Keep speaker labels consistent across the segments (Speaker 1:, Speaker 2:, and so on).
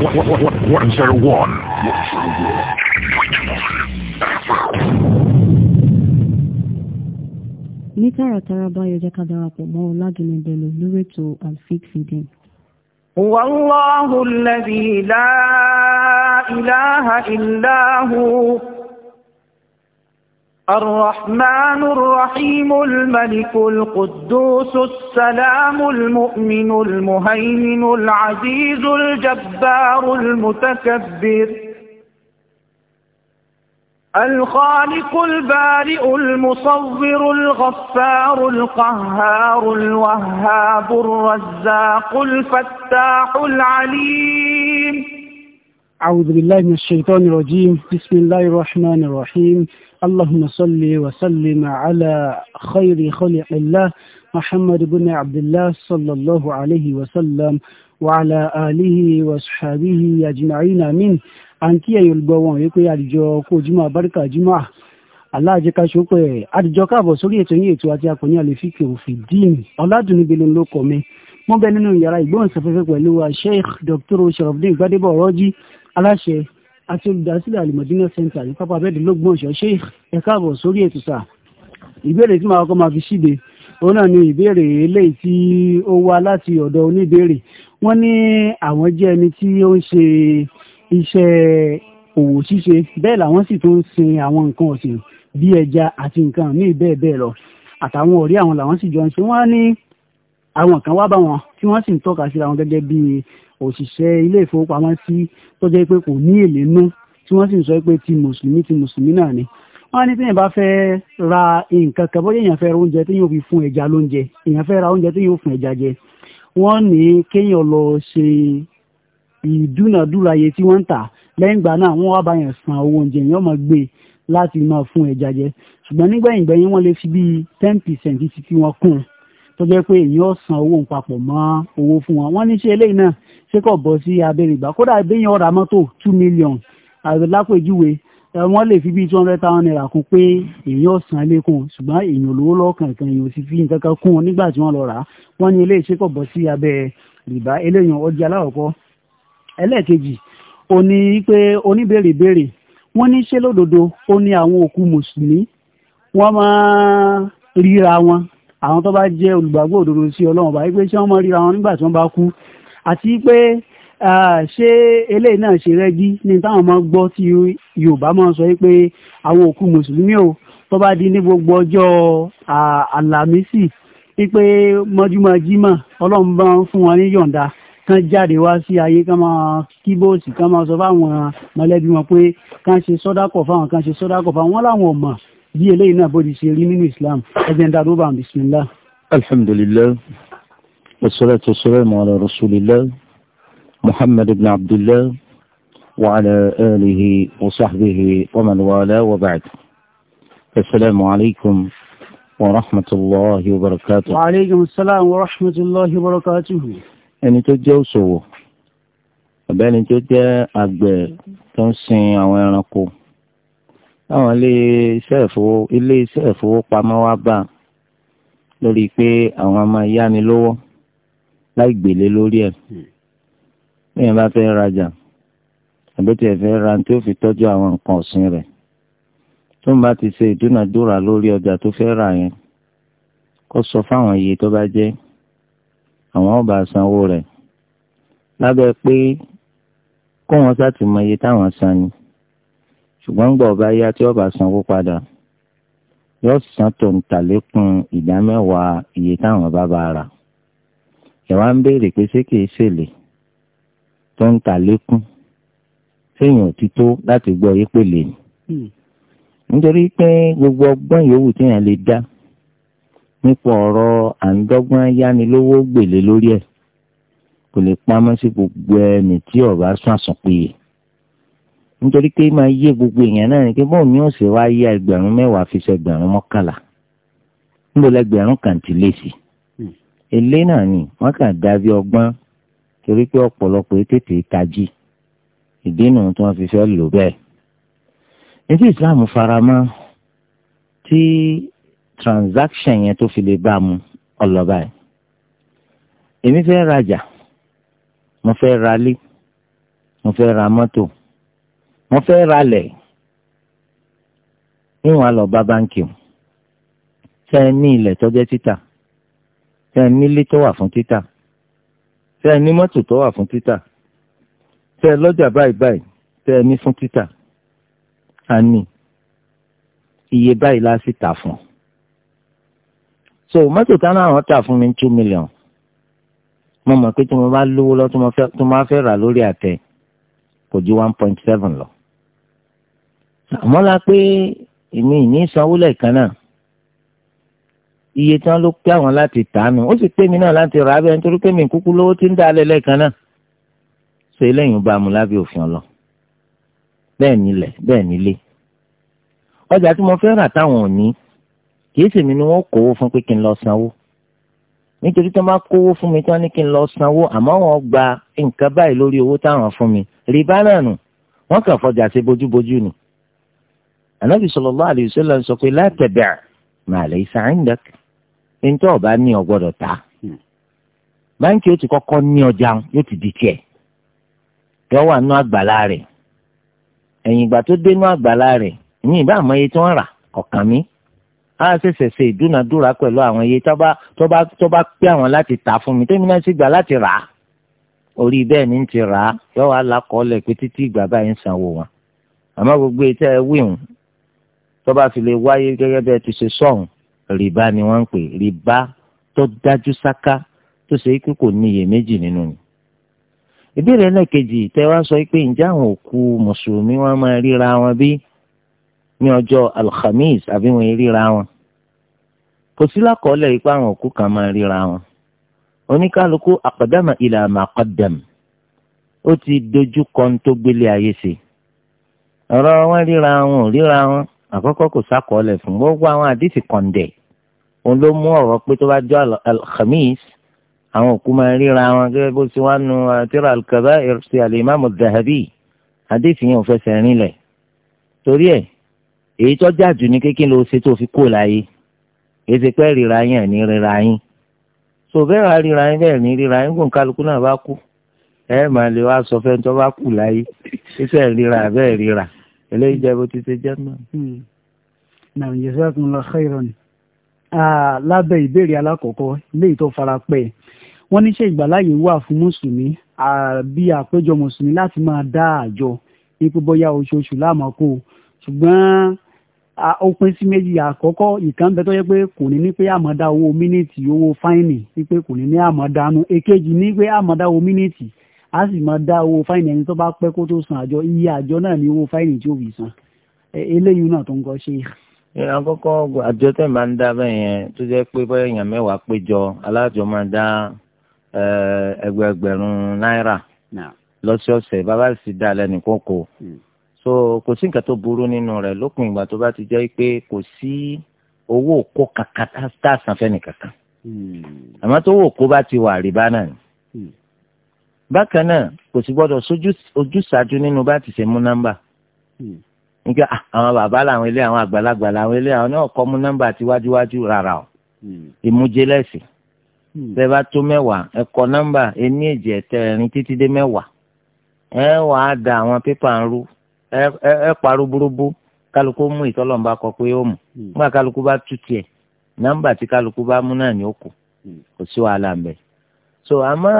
Speaker 1: 101.
Speaker 2: ní tààràtàrà báyọ̀ jẹ́ ká darapọ̀ mọ́ ọlágìnrin bello lórí ètò alfik fìdín. wàláhùn lẹ́bí láà ìláhà ìláhùn. الرحمن الرحيم الملك القدوس السلام المؤمن المهيمن العزيز الجبار المتكبر الخالق البارئ المصور الغفار القهار
Speaker 3: الوهاب الرزاق الفتاح العليم
Speaker 2: أعوذ بالله من الشيطان الرجيم بسم الله الرحمن الرحيم اللهم صل وسلم على خير خلق الله محمد بن عبد الله صلى الله عليه وسلم وعلى آله وصحبه أجمعين آمين àǹkí ẹ̀yìn olùgbọ́wọ́n yìí pé àdìjọ kó jùmọ̀ àbáríkà jùmọ̀ aláàjẹká ṣọpẹ́ àdìjọ káàbọ̀ sórí ètò yín ètò àti àkòní àlefíkè òfin dín ọ̀làdùnúgbè ló ń lókọ mi wọ́n bẹ nínú yàrá ìgbóhùnsáfẹ́fẹ́ pẹ̀lú Sheikh Dr. Sharafdin Gbadebo Ọ̀rọ̀jì aláṣẹ àti olùdásílẹ̀ alimọ̀dínà center ní pápá abẹ́ẹ̀dì lọ́gbọ̀n ọ̀ṣọ́ ṣe ẹ káàbọ̀ sórí ètò sáà ìbéèrè tí màá kọ́ máa fi ṣíde òun náà ni ìbéèrè eléyìí tí ó wá láti ọ̀dọ̀ oníbéèrè wọ́n ní àwọn jẹ́ ẹni tí ó ń ṣe iṣẹ́ òwò ṣíṣe bẹ́ẹ̀ làwọn sì tún ń sin àwọn nǹkan ọ̀sìn bíi ẹja àti nǹkan míì bẹ́ẹ̀ bẹ́ẹ̀ lọ àtàwọn ọ̀rí àwọn làwọn sì jọ ń ṣe wọ́n ní àwọn kan wá bá wọn tí wọ́n sì ń tọ́ka sí àwọn gẹ́gẹ́ bíi òṣìṣẹ́ ilé ìfowópamọ́sí tó jẹ́ pé kò ní èlé nú tí wọ́n sì ń sọ pé ti mùsùlùmí ti mùsùlùmí náà ni wọ́n ní téèyàn bá fẹ́ ra nǹkan kan bóyá èèyàn fẹ́ ra oúnjẹ téèyàn fi fún ẹja lóúnjẹ èèyàn fẹ́ ra oúnjẹ téèyàn fún ẹja jẹ wọ́n ní kéèyàn lọ ṣe ìdúnàdúrà iye tí wọ́n ń tà lẹ́yìn ìgbà náà wọ́n wá bá san owó oúnjẹ yẹn máa gbé láti máa fún ẹja jẹ ṣùgbọ́n nígbẹ̀yìngbẹ̀yìn wọ́n lè fi bíi ten percent ti fi wọn kún un tó jẹ́ pé èyí ó san owó papọ̀ mọ́ owó fún wọn wọ́n ní ṣe eléyìí náà ṣé kò bọ́ sí abẹ́rẹ́ ìgbà kódà béèyàn ra mọ́tò two million lápèjúwe wọ́n lè fi bíi two hundred thousand naira kún pé èyàn ó san lẹ́kùn ṣùgbọ́n èyàn lówó lọ́kàn kan èyàn ò sì fi nǹkan kan kún un nígbà tí wọ́n lọ rà á wọ́n ní eléyìí ṣé kò bọ́ sí abẹ́ rìbá eléyìí ọjà aláwọ̀kọ́ ẹlẹ́ẹ̀kejì ó pé oníbèrè àwọn tó bá jẹ́ olùgbàgbọ́ òdodo sí ọlọ́run bá wípé ṣé wọ́n mọ̀ ríra wọn nígbà tí wọ́n bá kú àti pé ṣé eléyìí náà ṣe rẹ́gí ní táwọn máa gbọ́ tí yorùbá máa sọ pé àwọn òkú mùsùlùmí o tó bá di ní gbogbo ọjọ́ àlàmísì wípé mọ́júmọ́jímọ̀ ọlọ́run bá ń fún wọn ní yọ̀ǹda kán jáde wá sí ayé kán máa kí bóòsì kán máa sọ fáwọn mọ̀lẹ́bí wọn pé kán ṣe sọ́dákọ̀ fáwọn kán ṣe sọ́dákọ̀ fáwọn wọn láwọn ò دي بوليسي لمن الإسلام أجن داروبا بسم الله
Speaker 4: الحمد لله والصلاة والسلام على رسول الله محمد بن عبد الله وعلى آله وصحبه ومن والاه وبعد السلام عليكم ورحمة الله وبركاته
Speaker 2: وعليكم السلام ورحمة الله وبركاته
Speaker 4: أنا تجاو سوو أبالي تجا أبالي تنسي أو táwọn ilé iṣẹ́ ìfowópamọ́ wá bá lórí pé àwọn máa yáni lówó láì gbèlé lórí ẹ̀ hmm. bẹ́ẹ̀ bá fẹ́ rajà àbí tí ẹ fẹ́ ra tí ó fi tọ́jú àwọn nǹkan ọ̀sìn rẹ̀ tó ń bá ti ṣe ìdúnàdúrà lórí ọjà tó fẹ́ rà yẹn kó sọ fáwọn iye tó bá jẹ́ àwọn ọba sanwó rẹ̀ lábẹ́ pé kó wọn sá ti mọ iye táwọn san ni ṣùgbọ́n gbọ́ ọba yá tí ọba sanwó padà yóò san tó ń tàlékún ìdá mẹ́wàá iye táwọn bá bá rà ẹ̀wá ń béèrè pé ṣé kìí ṣèlè tó ń tàlékún séèyàn ò láti gbọ́ yé ni hmm. nítorí pé gbogbo ọgbọ́n yòówù téèyàn lè dá nípa ọ̀rọ̀ àǹdọ́gbọ́n yánilówó gbèlè lórí ẹ̀ kò lè pamọ́ sí gbogbo ẹni tí ọba sún àsùnpìyè nítorí pé máa yé gbogbo èèyàn náà ni pé bọ́ọ̀ ni ó sì wá yá ẹgbẹ̀rún mẹ́wàá fi ṣe ẹgbẹ̀rún mọ́kànlá níbo lẹgbẹ̀rún kan ti lé sí hmm. èlé náà ni wọ́n kàn dábí ọgbọ́n torí pé ọ̀pọ̀lọpọ̀ tètè tají ìdí nù tí wọ́n fi fẹ́ lò bẹ́ẹ̀ ètò ìsìláàmù faramọ́ tí transaction yẹn tó fi lè bá mu ọlọ́ba yìí èmi fẹ́ rajà mo fẹ́ ralé mo fẹ́ ra mọ́tò wọ́n fẹ́ ralẹ̀ níwọ̀n á lọ bá báńkì o tẹ́ ẹ ní ilẹ̀ tó jẹ́ títà tẹ́ ẹ nílé tó wà fún títà tẹ́ ẹ ní mọ́tò tó wà fún títà tẹ́ ẹ lọ́jà báyìí báyìí tẹ́ ẹ ní fún títà a ní iye báyìí la sì tà fún so mọ́tò táwọn àwọn tà fún mi two million mo mọ̀ pé tí mo bá lówó lọ tí mo fẹ́ rà lórí àtẹ kò ju one point seven lọ àmọ́ la pé èmi ìní sanwó lẹ́ẹ̀kan náà iye tí wọ́n ló pé àwọn láti tàánu ó sì pé mi náà láti rà á bẹ́ẹ̀ nítorí pé mi kúkú lówó ti ń dá alẹ́ lẹ́ẹ̀kan náà ṣe eléyìí ń bá mu lábẹ́ òfin ọlọ bẹ́ẹ̀ nílẹ̀ bẹ́ẹ̀ nílé ọjà tí mo fẹ́ rà táwọn ò ní kì í sì mí ni wọ́n kówó fún pé kí n lọ sanwó nítorí tó máa kówó fún mi tí wọ́n ní kí n lọ sanwó àmọ́ wọ́n gba nǹkan báyìí lórí owó táwọn fún mi rìbá náà nù wọ́n kàn fọjà ṣe bójúbójú nù anabi sallallahu alayhi wa sallam sọ pé la tabi' ma laysa 'indak ntọ́ ọba ní ọgbọ́dọ̀ ta hmm. báńkì ó ti kọ́kọ́ ní ọjà yóò ti di tiẹ̀ yọ wà nú àgbàlá rẹ̀ ẹ̀yìn ìgbà tó dé nú àgbàlá rẹ̀ ìyìn ìbá àmọ́ iye tí wọ́n rà ọ̀kan mi á ṣẹ̀ṣẹ̀ ṣe ìdúnadúrà pẹ̀lú àwọn iye tó bá tó bá àwọn láti tà fún mi tẹ́mi náà sì gbà láti rà á orí bẹ́ẹ̀ ni ti rà á yọ wà lákọọ́lẹ̀ pé títí ìgbà báyìí ń sanwó wọn àmọ́ gbogbo ètò ẹ̀ wíwùn tó bá fi lè wáyé gẹ́gẹ́ bẹ́ẹ̀ ti ṣe sọ̀hún rìbá ni wọ́n ń pè rìbá tó dájú sáká tó ṣe pé kò ní iyèméjì nínú ni. ìbéèrè ẹlẹ́kejì tẹ́ wá sọ pé ǹjẹ́ àwọn òkú mùsùlùmí wọn máa ríra wọn bí ní ọjọ́ alhamis àbí wọn ríra wọn kò sí lákọọ́lẹ̀ ipá àwọn òkú kan máa ríra wọn oníkálukú àkọ́dàmà ilà màkọ́dàm ó ti dojú kan tó gbélé ayé sí ọ̀rọ̀ wọn ríra wọn ò ríra wọn àkọ́kọ́ kò sákọọ́lẹ̀ fún gbogbo àwọn àdìsí kọ̀ǹdẹ̀ òun ló mú ọ̀rọ̀ pé tó bá jọ alhamis àwọn òkú máa ríra wọn gẹ́gẹ́ bó ti wá nu àtìrà uh, al-kaba'ir ti al-imam al-dhahabi àdìsí yẹn ò fẹsẹ̀ rinlẹ̀ torí ẹ̀ èyí tó jáàjù ní kékin ló ṣe tó fi kó láyé èyí ti pẹ́ ríra yẹn ní ríra yín so bẹ́ẹ̀ wá ríra yín bẹ́ẹ̀ ní ríra yín gùn náà bá kú ẹ máa lè wá sọ fẹ́ tó bá kù láyé iṣẹ́ eléyìí jẹ́ bó ti ṣe jẹ́ náà.
Speaker 2: Hmm. náà jazakumullahu khairan lábẹ́ ìbéèrè alákọ̀ọ́kọ́ léyìí tó fara pẹ́ wọ́n ní ṣé ìgbàláyè wà fún mùsùlùmí àbí àpéjọ mùsùlùmí láti máa dá àjọ ipò bóyá oṣooṣù lámàkó ṣùgbọ́n ó pín sí méjì àkọ́kọ́ ìkan bẹ tó yẹ pé kò ní ní pé àmọ́dá owó mínítì owó fáìnì wípé kò ní ní àmọ́dánú èkejì ní pé àmọ́dá owó mínítì a sì máa dá owó fáìnì ẹni tó bá pẹ́ kó tó san àjọ iye àjọ náà ní owó fáìnì tí ó fi san eléyìí náà tó ń kọ́ ṣe. ìran
Speaker 4: kọ́kọ́ àjọ tẹ̀ máa ń dá bẹ́ẹ̀ yẹn tó jẹ́ pé bọ́yá èèyàn mẹ́wàá péjọ alájọ máa dá ẹgbẹ̀ẹgbẹ̀rún náírà lọ́sọ̀ọ̀sẹ̀ bàbá sì dá lẹ́nu kókó hmm. so kò sí nǹkan tó burú nínú rẹ̀ lópin ìgbà tó bá ti jẹ́ pé kò sí owó òkó kankan tá a san fẹ́nìkankan hmm. àmọ́ tó owó òkó bá ti wà rìbá náà ni. Hmm bákan náà kò sì gbọ́dọ̀ sójú ojúṣàájú nínú bá ti ṣe mú nọ́mbà hmm. nígbà ah, àwọn bàbá làwọn ilé àwọn àgbàlagbà làwọn ilé àwọn náà kọ́ mú nọ́mbà ti wájúwájú rárá o hmm. ìmújẹlẹ́sì bẹ́ẹ̀ hmm. bá tó mẹ́wàá ẹ kọ nọ́mbà ení èjì ẹ̀tẹ̀rin títí dé mẹ́wàá ẹ wà á da àwọn pépà ń rú ẹ parú burúbú kálukú mú ìtọ́lọ́mbà kọ pé ó mú nígbà kálukú bá tú tiẹ̀ nọ́mbà tí kálukú bá mú náà ni ó kù kò sí wàhálà ń so àmọ́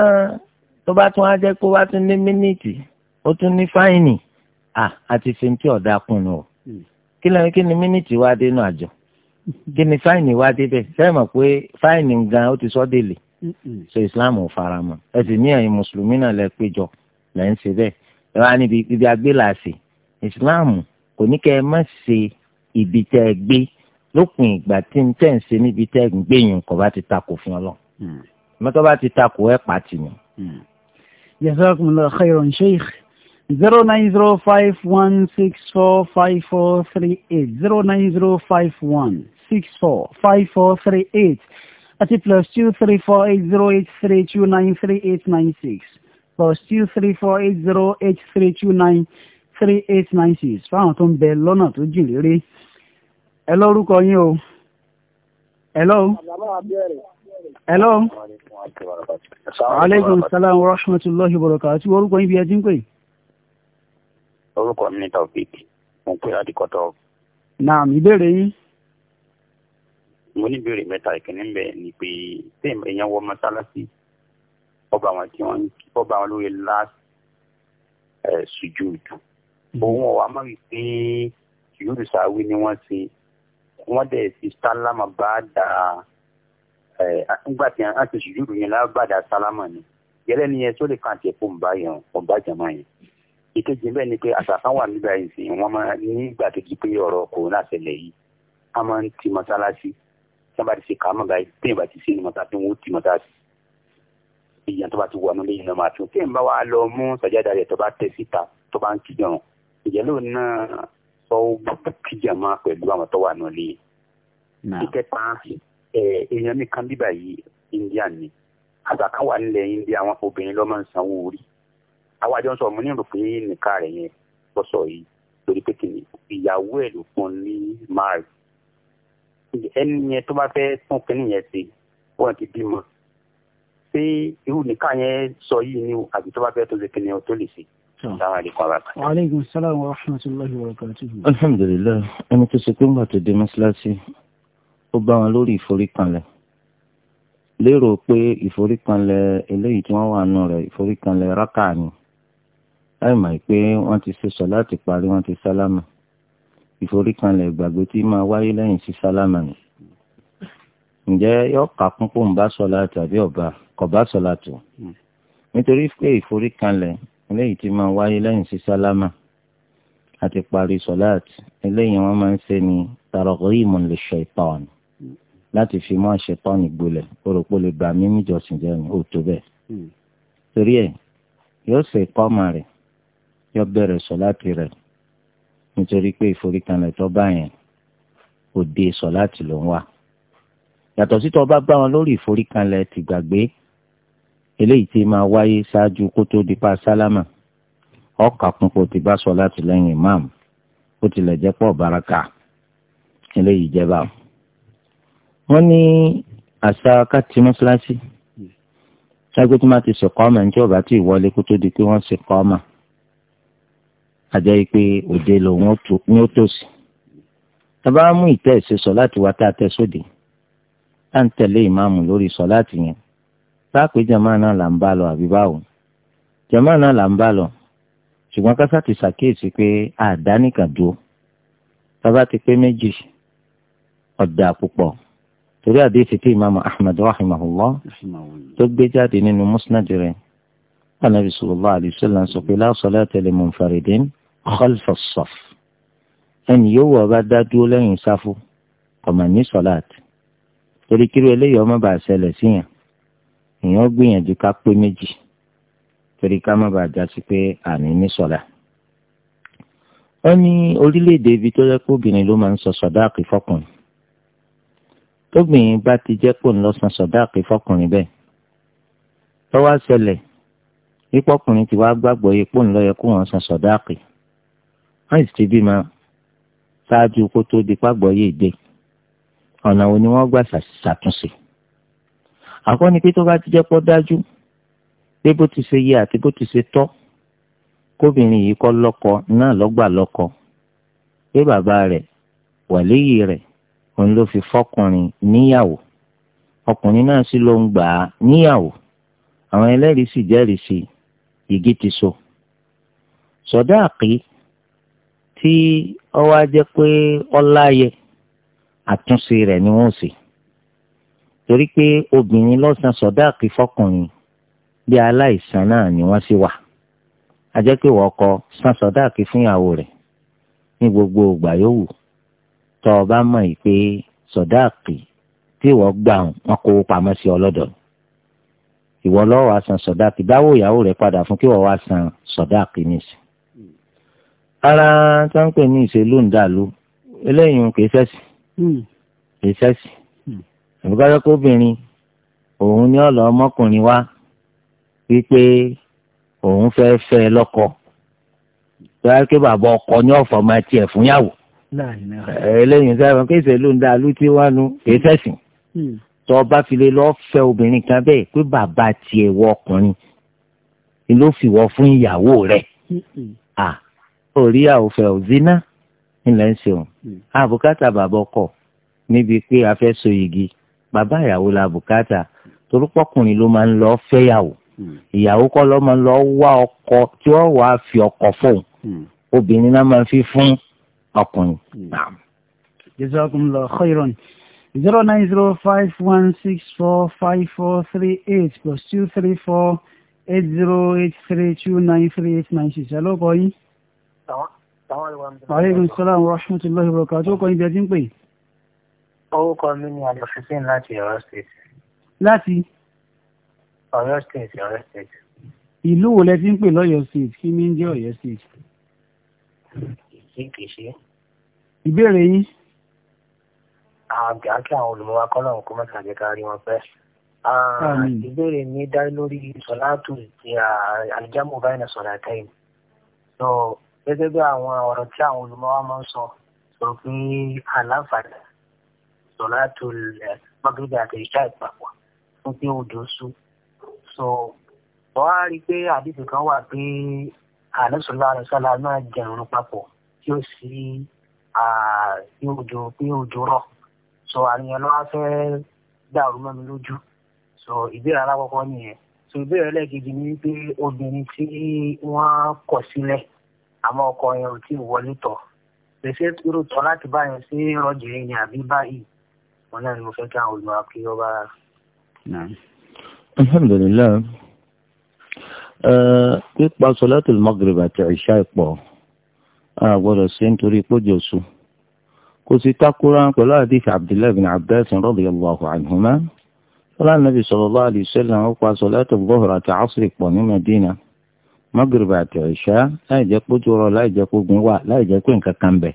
Speaker 4: tó bá tún á jẹ́ pé wá tún ní mínítì ó tún ní fáìnì à àti fi ọ̀dà kùn o hmm. kí lẹ́yìn kí ni mínítì wá dé inú àjọ kí ni fáìnì wá dé bẹ́ẹ̀ sẹ́yìn mọ̀ pé fáìnì gan ó ti sọ́ délé hmm. so Islam ò fara mọ́ ẹ sì ní ẹ̀yin mùsùlùmí náà lẹ péjọ lẹ́ ń ṣe bẹ́ẹ̀ ẹ wá níbi ibi agbélàsì Islam kò ní kẹ́ ẹ má ṣe ibi tẹ́ ẹ gbé lópin ìgbà tí n tẹ́ ń ṣe níbi tẹ́ ẹ gbé yín kò bá ti takò fún ọ lọ hmm. mọ́tò bá ti takò ẹ pàtì yín. Hmm.
Speaker 2: jazakumullahu khairan sheikh zero nine zero five one six four five four three eight zero nine zero five one six four five four three eight àti plus two three four eight zero eight three two nine three eight nine six plus two three four eight zero eight three two nine three eight nine six fáwọn tó ń bẹ lọ́nà tó jìn lérí ẹ lórúkọ yín o. hello.
Speaker 5: àbámọ́ abẹ́rẹ́
Speaker 2: hello.
Speaker 6: aleykum salaam
Speaker 2: wa rahmatulahi wa barakatuh orúkọ yín bí ẹ ti ń pè.
Speaker 6: orúkọ mi ni taofik mo ń pè láti kọ́tọ́.
Speaker 2: naam ìbéèrè yín.
Speaker 6: mo ní ìbéèrè mẹ́ta ìkíní ń bẹ̀ ni pé téèmù èèyàn wọ mọ́sálásí ọba àwọn tí wọ́n ọba àwọn lórí last sujúdù. Mm-hmm. òun ọ̀wá má rí pé sujúdù sàáwí ni wọ́n ṣe wọ́n dẹ̀ fi sálámà bá dáa àtúngbà tí a ti sùjúdù yẹn lágbàdá sálámà ni yẹlẹ ni yẹn tó lè kàn tiẹ̀ fún bá yẹn fún bá jàmá yẹn ìkejì bẹ́ẹ̀ ni pé àtàkàn wà nígbà yìí sí wọn máa ní ìgbàkejì pé ọ̀rọ̀ kòrónà ṣẹlẹ̀ yìí a máa ń ti mọ́sálásí tí wọ́n bá ti ṣe kàá mọ̀gá yìí téèyàn bá ti ṣe ni mọ́sálásí wọn ó ti mọ́sálásí èèyàn tó bá ti wà nílé yìí lọ́ máa tún téèyàn bá wà lọ mú sàjádà rẹ̀ tó bá tẹ síta tó bá ń kíjàn ìjẹ́lò náà sọ kíjàn máa pẹ̀lú àwọn tó wà nílé ìkẹta Eh, èèyàn nìkan bíbà yìí India ni àgbà kan wà nílẹ̀ India àwọn obìnrin lọ́mọ ń sanwó orí àwọn àjọ ń sọ mo ní rò pé nìka rẹ̀ yẹn bọ́ sọ yìí torí pé kìnnì ìyàwó ẹ̀ ló fún ní mari ẹni yẹn tó bá fẹ́ tún kínní yẹn ṣe wọ́n ti bímọ ṣé irú nìka yẹn sọ yìí ni àbí tó bá fẹ́ tó ṣe kínní ọ tó lè ṣe.
Speaker 4: Aleykum salaam wa rahmatulahi wa barakatuhu. Alhamdulilayi, ẹni tó ṣe pé ń gbà dé mọ́ṣáláṣí ó bá wọn lórí ìforíkanlẹ̀ lérò pé ìforíkanlẹ̀ eléyìí tí wọ́n wà nù rẹ̀ ìforíkanlẹ̀ rákà ni láì mọ̀ pé wọ́n ti ṣe sọ láti parí wọ́n ti sálámà ìforíkanlẹ̀ ìgbàgbé tí máa wáyé lẹ́yìn sí sálámà ni ǹjẹ́ yọ kà kún pò ń bá sọ láti àbí ọ̀bá kò bá sọ láti nítorí pé ìforíkanlẹ̀ eléyìí tí máa wáyé lẹ́yìn sí sálámà àti parí sọ láti eléyìí wọ́n máa ń ṣe ní tarọ̀gọ́ ìmọ̀ lè ṣe ìtọ́ ọ̀nà láti fi mọ́ ṣetán ìgbolẹ̀ òròpó lè gbà mí níjọsìn jẹ́ ni ó tó bẹ́ẹ̀. Hmm. torí ẹ̀ yóò ṣe kọ́mà rẹ̀ yóò bẹ̀rẹ̀ sọ̀láàtì rẹ̀ nítorí pé ìforíkanlẹ̀ tó bá yẹn kò dé sọ̀láàtì ló ń wà. yàtọ̀ sí tó bá bá wọn lórí ìforíkanlẹ̀ ti gbàgbé eléyìí tí máa wáyé ṣáájú kó tó di pa sálámà ọkà kúnpọ̀ ti bá sọ̀láàtì lẹ́yìn ìmáàmù ó tilẹ̀ jẹ́ pọ̀ báraka eléyìí jẹ́ báwọn wọ́n ní àṣà káàtì mọ́ṣáláṣí ṣáájú tó máa ti ṣèkọ́ ọmọ ẹ̀ńtí ọ̀bá tí ìwọlé kó tó di pé wọ́n ṣèkọ́ ọmọ àjẹ́ pé òde lòun ní ó tòsí tàbá mú ìtẹ́ ìṣe sọ láti wá tá a tẹ sóde tá à ń tẹ̀lé ìmáàmù lórí sọ láti yẹn bá pé jàmáà náà là ń bá lọ àbí báwo jàmáà náà là ń bá lọ ṣùgbọ́n kásá ti ṣàkíyèsí pé àdánìkàdúró tàbá ti pé méjì ọ̀dà púpọ̀ torí àdéhìí tí imaamu ahmed rahimahullah tó gbé jáde nínú musnad rẹ̀ anabi sallallahu alayhi wa sallam sọ pé la salata li munfaridin khalfa as-saff ẹni yóò wọ ọba dá dúró lẹ́yìn sáfù ọmọ ní sọláàtì torí kí eléyìí ọmọ bá ṣẹlẹ̀ síyàn èèyàn gbìyànjú ká pé méjì torí ká má bàa já pé àní ní sọlá. ó ní orílẹ̀-èdè ibi tó yẹ kó obìnrin ló máa ń sọ sọ̀dáàkì fọkùnrin tóbìnrin bá ti jẹ́ pò ń lọ san sọ̀dáàkì fọkùnrin bẹ́ẹ̀ tọ́wọ́ ṣẹlẹ̀ ipọ́kùnrin ti wá gbàgbọ́ yẹ pò ń lọ yẹ kó wọ́n san sọ̀dáàkì wọ́n ti bímọ ṣáájú kó tó di pàgbọ́ yé ìdè ọ̀nà wo ni wọ́n gbà ṣàtúnṣe àkọ́ni pé tó bá ti jẹ́ pọ́ dájú pé bó ti ṣe yẹ àti bó ti ṣe tọ́ kóbìnrin yìí kọ́ lọ́kọ náà lọ́gbà lọ́kọ pé bàbá rẹ̀ wàléyìí rẹ̀ òun ló fi fọkùnrin níyàwó ọkùnrin náà sì ló ń gbà á níyàwó àwọn ẹlẹ́rìí sì jẹ́rìí sí igi ti so sọdáàkì tí ó wá jẹ́ pé ọláyẹ àtúnṣe rẹ̀ ni wọ́n ṣe torí pé obìnrin lọ́sàn sọdáàkì fọkùnrin bí aláìsàn náà ni wọ́n sì wà a jẹ́ pé wọ́n kọ san sọdáàkì fún ìyàwó rẹ̀ ní gbogbo ìgbà yòówù tọ́ ọ bá mọ̀ yìí pé sọ̀dáàkì tí ìwọ gbà wọn kó pamọ́ sí ọlọ́dọ̀ ìwọ lọ́wọ́ wá san sọ̀dáàkì dáwó ìyàwó rẹ̀ padà fún kí wọ́n wá san sọ̀dáàkì nìsín. ara tó ń pè ní ìṣèlú ń dàlú eléyìí kì í sẹ́sì hmm. kì í sẹ́sì hmm. àbúkájọ́ kó obìnrin òun ní ọ̀lọ́ ọmọkùnrin wá wípé òun fẹ́ fẹ́ lọ́kọ tó yá kí bàbá ọkọ ní ọ̀fọ̀ máa tiẹ̀ fún eléyìí sábà kí ìṣèlú ń da lútí wánu kì í sẹ̀sìn hmm. tó o bá fi lè lọ́ọ́ fẹ́ obìnrin kan bẹ́ẹ̀ pé bàbá tiẹ̀ wọ ọkùnrin ni ló fi wọ́ fún ìyàwó rẹ̀ hmm. à orí àwòfẹ́ òzínà ńlẹ̀ ń ṣeun àbùkátà hmm. bàbá ọkọ níbi pé a fẹ́ so igi bàbá ìyàwó la bùkátà torúpọ̀kùnrin ló máa ń lọ́ọ́ fẹ́yàwó ìyàwó kọ́ ló máa ń lọ́ọ́ wá ọkọ tí wọ́n wàá fi ọkọ fóun obìnrin náà máa fi fún un ọkùnrin.
Speaker 1: Hmm.
Speaker 2: jazakumullahu khairan zero nine zero five one six four five four three eight plus two three four eight zero eight three two nine three eight nine six. hello kọ́ yín. aleykum salaam wa rahmatulahi wa barakatuh kọ́ yín bí ẹ ti ń pè.
Speaker 5: orúkọ mi ni alifasẹ́yìn láti Ọ̀yọ́ state. láti. Ọ̀yọ́ state Ọ̀yọ́ state.
Speaker 2: ìlú wo lẹ ti ń pè lọ́yọ́ state kí ni ń jẹ́ Ọ̀yọ́ state sí kìí ṣe. ìbéèrè yín.
Speaker 6: àgbà kí àwọn olùmọ̀wá kọ́ náà kó mọ́tà jẹ́ ká rí wọn pẹ́.
Speaker 5: ìbéèrè mi dá lórí sọ̀láàtù
Speaker 6: àlìjámù báyìí náà sọ̀rọ̀ àtẹ́yìn.
Speaker 5: sọ gẹ́gẹ́ bí àwọn ọ̀rọ̀ tí àwọn olùmọ̀wá máa ń sọ sọ pé àlàǹfààní sọ̀láàtù magrebi àti ìṣá ìpapọ̀ fún pé odò sú. sọ wọ́n á rí i pé àdìsí kan wà pé àlọ́sọ̀lá àlọ́sọ̀lá náà jẹun papọ̀ tí ó sì pé òjò pé òjò rọ̀ so àníyàn ló wá fẹ́ dàrú mọ́ mi lójú so ìbéèrè alákọ̀ọ́kọ́ nìyẹn so ìbéèrè ẹlẹ́ẹ̀kejì ni wípé obìnrin tí wọ́n kọ̀ sílẹ̀ àmọ́ ọkọ yẹn ò tí ì wọlé tọ̀ pèsè irú tọ́ láti báyìí sí
Speaker 6: rọ́jìnrín ni àbí báyìí wọn náà ni mo fẹ́ kí àwọn olùmọ̀ràn kí ọba.
Speaker 4: alhamdulilayi pípa sọlá tó lè mọ́gìrì bàtà ìṣá ìpọ̀. a gbọ́dọ̀ ṣe nítorí pójò oṣù kò sí pẹ̀lú àdìs abdullahi bin abdullahi bin radiyallahu anhuma nàbì sallallahu alayhi wa sallam ó pa sọlẹ́tò gbọ́hùrọ̀ àti pọ̀ ní Madina magreba àti láì jẹ́ láì jẹ́ ogun wà láì jẹ́ pé nǹkan kan bẹ̀.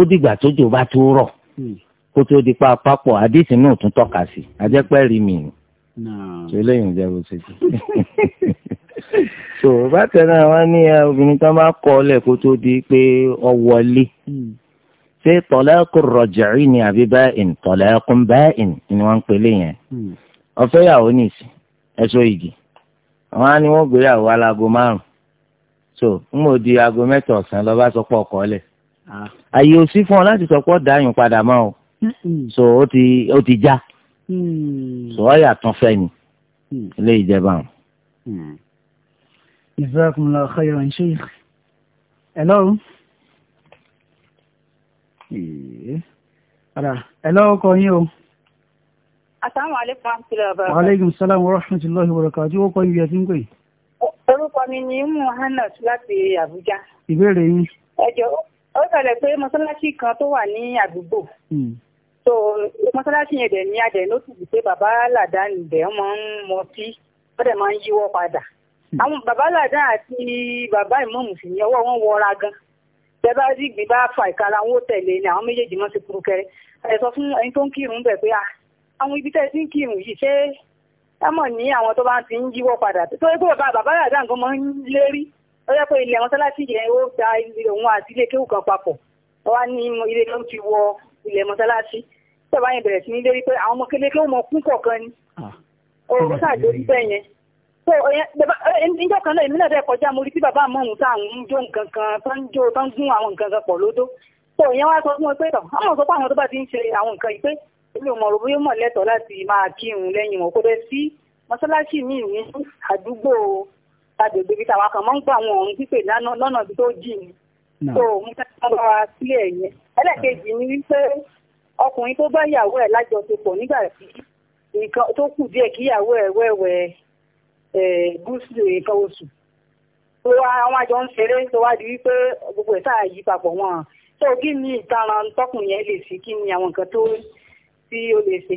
Speaker 4: ó dìgbà tójò bá tó rọ̀ hmm. kó tó di papọ̀ àdìsí náà tún tọ́ka sí àjẹpẹ́ rí mi ni ṣe lẹ́yìn ìjẹ́ bó ṣe jù. so bákan náà wọ́n ní eh, obìnrin kan bá kọ́ ọ lẹ̀ kó tó di pé ọ wọlé hmm. ṣé talaqur raj'i ni àbí ba'in talaqun ba'in ni wọ́n ń pèlè yẹn hmm. ọ̀fẹ́ yàwó nìsí ẹ̀ṣọ́ ìgì àwọn á ní wọ́n gbéyàwó alágo márùn-ún so ń mò di aago mẹ́ta ọ̀sán lọ́ba sọ pé ọkọ̀ ọ̀lẹ̀ àyè ò sí fún ọ láti sọ pé ọ̀dà àyùn padà mọ́ o so ó ti o ti já
Speaker 5: mm. so
Speaker 4: ọ yà tán fẹ́ ni mm. ilé ìjẹba o. Mm.
Speaker 2: jazakumullahu khairan sheikh. hello. Eh, hello ọkọ yín o.
Speaker 3: asalaamualeykum wa aleykum
Speaker 2: salaam wa rahmatulahi wa barakatuh ó kọ́ ibi ẹtí ń pè.
Speaker 3: orúkọ mi ni muhammed láti Abuja. ìbéèrè yín. ẹ jọ̀ọ́ ó ṣẹlẹ̀ pé mọ́sálásí kan tó wà ní àdúgbò hmm. so mọ́sálásí yẹn dẹ̀ ní adẹ̀ ló sì pé bàbá làdáni bẹ̀ wọ́n máa ń mọtí wọ́n dẹ̀ máa ń yíwọ́ padà hmm. àwọn bàbá làdá àti bàbá ìmọ̀mù sì ní ọwọ́ wọn wọra gan bẹ́ẹ̀ bá dìgbì bá fa ìkara wọn ó tẹ̀lé ni àwọn méjèèjì mọ́ sí kurukẹrẹ ẹ sọ fún ẹni tó ń kírun bẹ̀ pé ah, àwọn ibi tẹ́ ẹ ti ń kírun yìí ṣé ẹ mọ̀ ní àwọn tó bá ti ń yíwọ́ padà tó yẹ pé bàbá bàbá làdá nǹkan máa ń lérí ó yẹ pé ilé mọ́sálásí yẹn ó gba ilé òun àti ilé kéwù kan papọ̀ ó wá ní ilé tó ti wọ ilé mọ́sálásí tọ́ba yẹn bẹ̀rẹ̀ sí ní lórí pé àwọn ọmọ kékeré ó mọ kún kọ̀ọ̀kan ni òun ah. ṣàdórí bẹ́ẹ̀ yẹn so níjọ́ kan náà èmi náà fẹ́ kọjá mo rí sí bàbá àmọ́ òun tá à ń jó nǹkan kan tó ń jó tó ń gún àwọn nǹkan kan pọ̀ lódó so ìyẹn wá sọ fún wọn pé tọ̀ àwọn sọ pé àwọn tó bá ti ń ṣe àwọn nǹkan yìí pé èmi ò mọ̀ rògbò yóò agbègbè bíi tàwa kan máa ń gbà wọn ọ̀run pípè lọ́nà ibi tó jì ní. so mo fẹ́ kí wọ́n bá wa sílẹ̀ yẹn. ẹlẹ́ẹ̀kejì ni wípé ọkùnrin tó bá ìyàwó ẹ̀ lájọṣepọ̀ nígbà tí nǹkan tó kù díẹ̀ kí ìyàwó ẹ̀ wẹ̀wẹ̀ gúúsù nǹkan oṣù. tó wá àwọn àjọ ń ṣeré tó wá di wípé gbogbo ẹ̀ sáà yí papọ̀ wọn. so kí ni ìtaràn tọkùnrin yẹn lè sí kí ni àwọn nǹkan tó tí ó lè ṣe.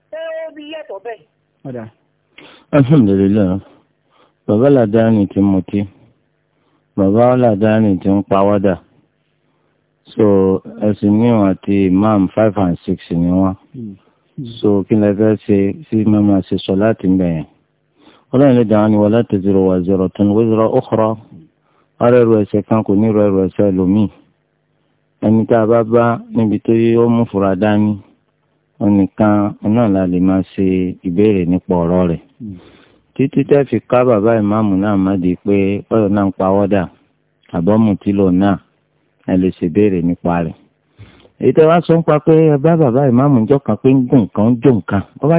Speaker 3: bí yàtọ̀
Speaker 5: bẹ́ẹ̀.
Speaker 4: alhamdulilayi bàbá làdáni ti mutí bàbá làdáni ti ń pawọ́dà so ẹ̀sìn níwọ̀n àti imam five and six ni wọ́n so kí lè fẹ́ ṣe sí mẹ́mà ṣe sọ láti ń bẹ̀yẹn ọlọ́run lè dáhùn ni wọ́n láti zero wa zero tó ní wíṣọ́ ọ̀kọ́rọ́ ọ̀rọ̀ ẹ̀rọ ẹ̀ṣẹ̀ kan kò ní ìrọ̀ ẹ̀rọ ẹ̀ṣẹ̀ lómi ẹni tá a bá bá níbi tó yẹ ó mú fura dání. onìkan náà la lè máa ṣe ìbéèrè nípa ọ̀rọ̀ rẹ̀ hmm. títí tẹ́ fi ká bàbá ìmáàmù náà má di pé ọ̀rọ̀ náà ń pa ọ́dà àbọ̀mù tí lò náà ẹ lè ṣèbéèrè nípa rẹ̀ èyí tẹ́ wá sọ ń pa pé ẹ bá bàbá ìmáàmù pé ń gùn ń nǹkan ó bá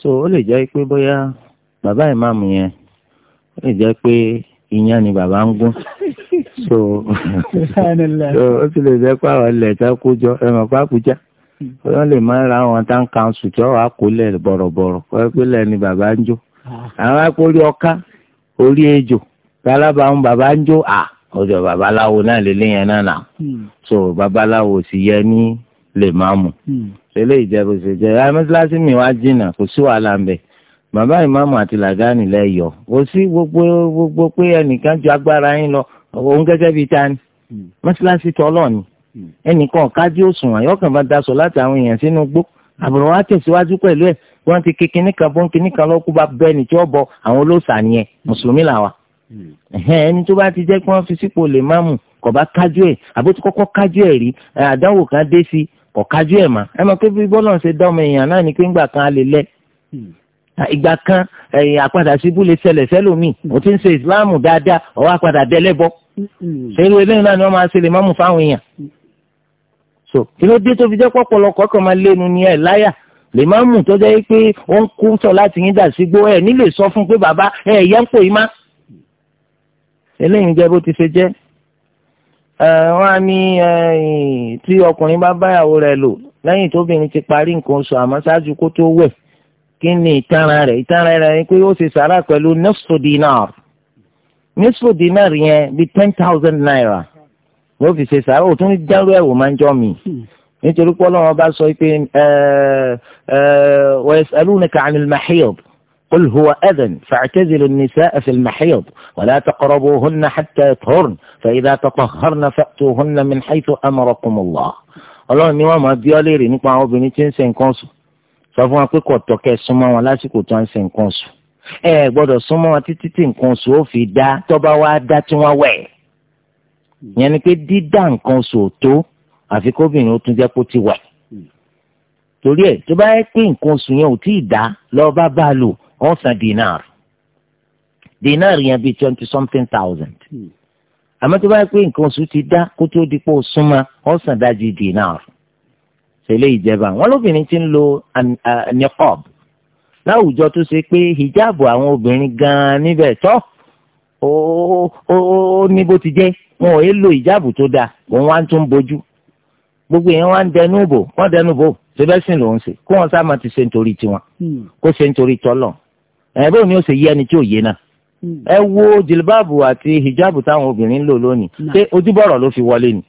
Speaker 4: so ó lè jẹ́ pé bóyá bàbá ìmáàmù yẹn ó lè jẹ́ pé ìyẹn ni bàbá ń so ó lè jẹ́ pé àwọn wọ́n lè máa ra àwọn town council tí wọ́n wá kólẹ̀ bọ̀rọ̀bọ̀rọ̀ wọ́n pé lẹ́ni bàbá ń jó àwọn akórí ọká orí ejò tálábàáhùn bàbá ń jó à ọjọ́ babaláwo náà lélẹ́yìn náà nà hmm. so babaláwo sì yẹ ní lè máa mú ṣẹlẹ̀ hmm. ìjẹ́bù ṣe jẹ́ ẹ mẹ́tíláṣí mi wá jìnnà kò sí wàhálà ń bẹ̀ bàbá ìmáàmù àti làdáni lẹ́yọ̀ kò sí gbogbo gbogbo pé ẹnìkan ju agbára yín lọ òun gẹ́gẹ́ bíi ta ni mẹ́tíláṣí hmm. tọ́lọ́ ni ẹnìkan kájí òṣùwọ̀n yọkàn bá daṣọ láti àwọn èèyàn sínú gbó àbùrọ̀ wa tẹ̀síwájú pẹ̀lú ẹ̀ wọ́n ti ké kínní kan bọ́n kínní kan lọ́kú bá bẹ́ẹ̀ ní tí ó bọ àwọn olóòṣà nìyẹn mùsùlùmí làwà. Hmm. ẹni tó bá ti jẹ́ pé wọ́n fi sípò lè má mú kò bá kájú ẹ̀ àbó ti kọ́kọ́ kájú ẹ̀ rí àdánwò kan dé sí kò kájú ẹ̀ mà ẹ mọ̀ pé bí bọ́lọ̀ ṣe dá ọmọ èèyàn náà ni pé ńgbà kan a lè lẹ hmm. ìgbà kan àpadà síbú lè ṣẹlẹ̀ sẹ́lòmíì ó ti ń ṣe ìsìláàmù dáadáa ọwọ́ àpadà dẹ́lẹ́bọ hmm. ṣerú eléyìí náà ni wọ́n máa ṣe lè má mú fáwọn èèyàn so kí ló dé tó fi jẹ́ pọ̀pọ̀lọpọ̀ kan máa lẹ́nu ni ẹ̀ láyà lè máa mú tó jẹ́ pé ó ń kú sọ láti yín dà sígbó ẹ̀ nílè sọ fún pé bàbá ẹ̀ yẹ ń pò yín má. eléyìí jẹ́ bó ti ṣe jẹ́ wọ́n á ní tí ọkùnrin bá báyàwó rẹ̀ lò lẹ́yìn tóbìnrin ti parí nǹkan oṣù àmọ́ ṣáájú kó tó wẹ̀ kí ni ìtara rẹ̀ ìtara rẹ̀ ni pé ó ṣe sàrà pẹ̀lú nisfu dinar yẹn bíi ten thousand naira wọ́n fi ṣe sàárà òtún dárú ẹ̀wò máa ń jọ mi hmm. nítorí pé ọlọ́run bá sọ pé wa yas'alunaka 'anil mahiyid qul huwa adhan fa'tazilu an-nisaa fil mahiyid wa la taqrabuhunna hatta yatahharna fa idha tatahharna fa'tuhunna min haythu amarakum Allah ọlọ́run ni wọ́n máa bí ọ́ léèrè nípa àwọn obìnrin tí ń ṣe nǹkan sùn sọ fún wa pé kò tọ́ kẹ́ súnmọ́ wọn lásìkò tó ń ṣe nǹkan sùn ẹ gbọ́dọ̀ súnmọ́ wọn títí tí nǹkan sùn ó fi dá tó bá wá dá tí wọ́n wẹ̀ yẹn ni pé dídá nǹkan sòótó àfi kóbìnrin ó tún jẹ́ kó ti wà torí ẹ̀ tó bá yẹ pé nǹkan oṣù yẹn ò tí dá lọ bá bá lò wọ́n san dinar dinar yẹn bíi twenty something thousand àmọ́ tó bá yẹ pé nǹkan oṣù ti dá kó tó di pé o súnmọ́ wọ́n san dájú dinar ṣẹlẹ̀ ìjẹba wọn lóbìnrin ti ń lo niqab láwùjọ tó ṣe pé hijabu àwọn obìnrin gan-an níbẹ̀ tọ́ ó ní bó ti jẹ́ wọn ò yé lo ìjáàbù tó dáa òun wá ń tún bójú gbogbo yẹn wá ń dẹnu bò wọ́n dẹnu bò ṣẹbẹ́sìn lòún ṣe kó wọn sáà máa ti ṣe nítorí tiwọn hmm. kó ṣe nítorí tọ́lọ̀ ẹ̀ bóun ni ó ṣe yí ẹni tí ò yé náà hmm. ẹ wo jìlbáàbù àti hijabu táwọn obìnrin lò lónìí pé ojúbọ̀rọ̀ ló fi wọlé ni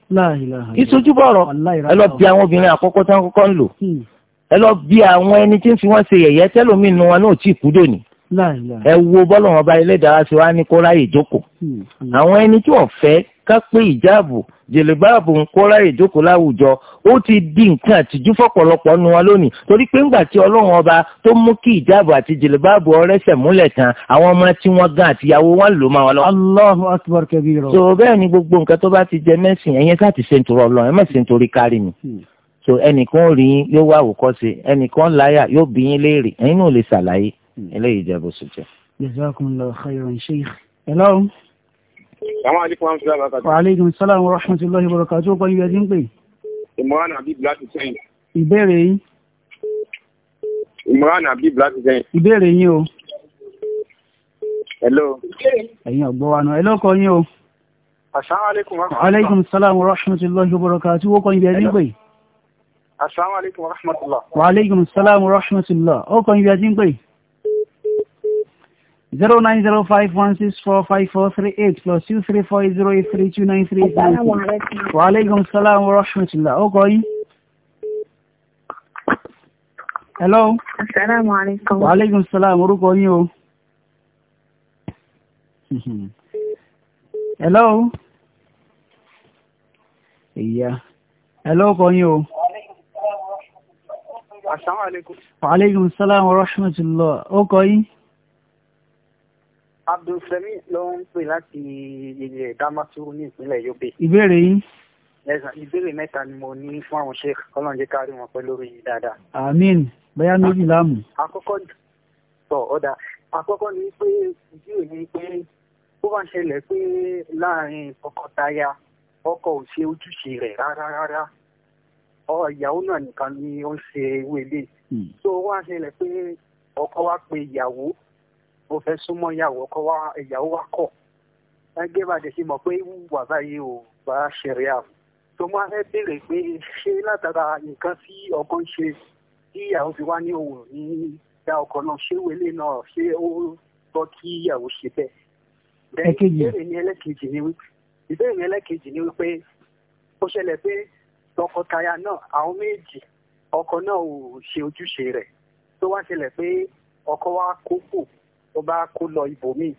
Speaker 4: ìsojúbọ̀rọ̀ ẹ lọ bí àwọn obìnrin àkọ́kọ́ tí wọ́n kọ́kọ́ ń lò hmm. ẹ lọ bí àwọn ẹni tí ń fi wọ́n ṣe yẹ̀yẹ́ tẹ́lómìnú wọn náà tí ì kú dòní
Speaker 1: ẹ
Speaker 4: wo bọ́lọ̀ wọn bá ilé ìdára sí wa ní kó ráyè jókòó hmm, hmm. àwọn ẹni tí wọ́n fẹ́ ká pé ìjáàbù jèlèbáàbù ń kó ráyè jókòó láwùjọ ó ti di nǹkan àtijú fọ́pọ̀lọpọ̀ nu wọn lónìí torí pé ńgbà tí ọlọ́run ọba tó mú kí ìjáàbù àti jèlèbáàbù ọrẹ́sẹ̀ múlẹ̀ tán àwọn ọmọ tí wọ́n gan àtìyàwó wọn lò máa wọn lọ. Allahu akbar kabira. so bẹ́ẹ̀ ni gbogbo nǹkan tó bá ti jẹ mẹ́sìn ẹ̀yẹn ká ti ṣe nítorí ọlọ́run ẹ̀ mẹ́sìn nítorí kárí ni hmm. so ẹnìkan rí yín yóò wá àwòkọ́ṣe ẹnìkan láyà yóò bí Hmm. eléyìí jẹ́ bó ṣe jẹ́.
Speaker 2: jazakumullahu khairan sheikh. hello.
Speaker 5: salaamaleykum wa rahmatulahi wa barakatu.
Speaker 2: wa aleykum salaam wa rahmatulahi wa barakatu. ó kọ́ni yẹtí ń pè.
Speaker 5: imran abib láti sẹ́yìn.
Speaker 2: ìbéèrè yín.
Speaker 5: imran abib láti sẹ́yìn.
Speaker 2: ìbéèrè yín o. hello. ẹ̀yin ọ̀gbọ́n wa náà. hello kọ́ yín o.
Speaker 5: asalaamaleykum wa aleykum
Speaker 2: salaam wa rahmatulahi wa barakatu. ó kọ́ni yẹtí ń pè.
Speaker 5: asalaamaleykum wa rahmatulahi. wa
Speaker 2: aleykum salaam wa rahmatulahi. ó kọ́ni yẹtí ń pè. zero nine zero five one six four five four three eight plus two three four eight zero eight three two nine three eight nine two. wa aleykum salaam wa rahmatulah ó kọ hello.
Speaker 3: asalaamualeykum.
Speaker 2: wa aleykum salaam orúkọ yín o. hello. Yeah. hello kọ yín o. asalaamualeykum. wa aleykum salaam wa rahmatulah ó
Speaker 3: abdulsami
Speaker 5: ló ń pè láti ilẹ̀ damaturu ní ìpínlẹ̀ yobe. ìbéèrè yín. ẹ̀sán ìbéèrè mẹ́ta ni mo ní fún àwọn sheikh ọlọ́run jẹ́ kárí wọn pẹ́ lórí yìí dáadáa.
Speaker 2: àmín bẹ́yà méjì láàmú.
Speaker 5: àkọ́kọ́ tọ̀ ọ̀dà àkọ́kọ́ ni pé ojú èmi pé ó bá ń ṣẹlẹ̀ pé láàrin tọkọtaya ọkọ ò ṣe ojúṣe rẹ̀ rárá rárá ìyàwó náà nìkan ni ó ń ṣe ewé lé. tó wá ṣẹlẹ̀ pé ọkọ wá pe ìyàwó ó fẹ́ súnmọ́ ìyàwó kọ́ wá ìyàwó wa kọ̀ ẹgbẹ́ bàjẹ́ sí mọ̀ pé wà báyìí ò bá ṣẹ̀rí àbò tó máa fẹ́ béèrè pé ṣé látara nǹkan tí ọkọ ń ṣe tí ìyàwó fi wá ní òun ní dá ọkọ náà ṣé wẹlé náà ṣé ó tọ́ kí ìyàwó ṣe bẹ́ẹ̀. ìbéèrè ni wípé ìbéèrè ní ẹlẹ́kejì ni wípé ó ṣẹlẹ̀ pé tọkọtaya náà àwọn méjì ọkọ náà ò ṣe ojúṣe rẹ̀ tó wá ṣẹlẹ̀ pé ọkọ wa kókò tó bá kó lọ ibòmíì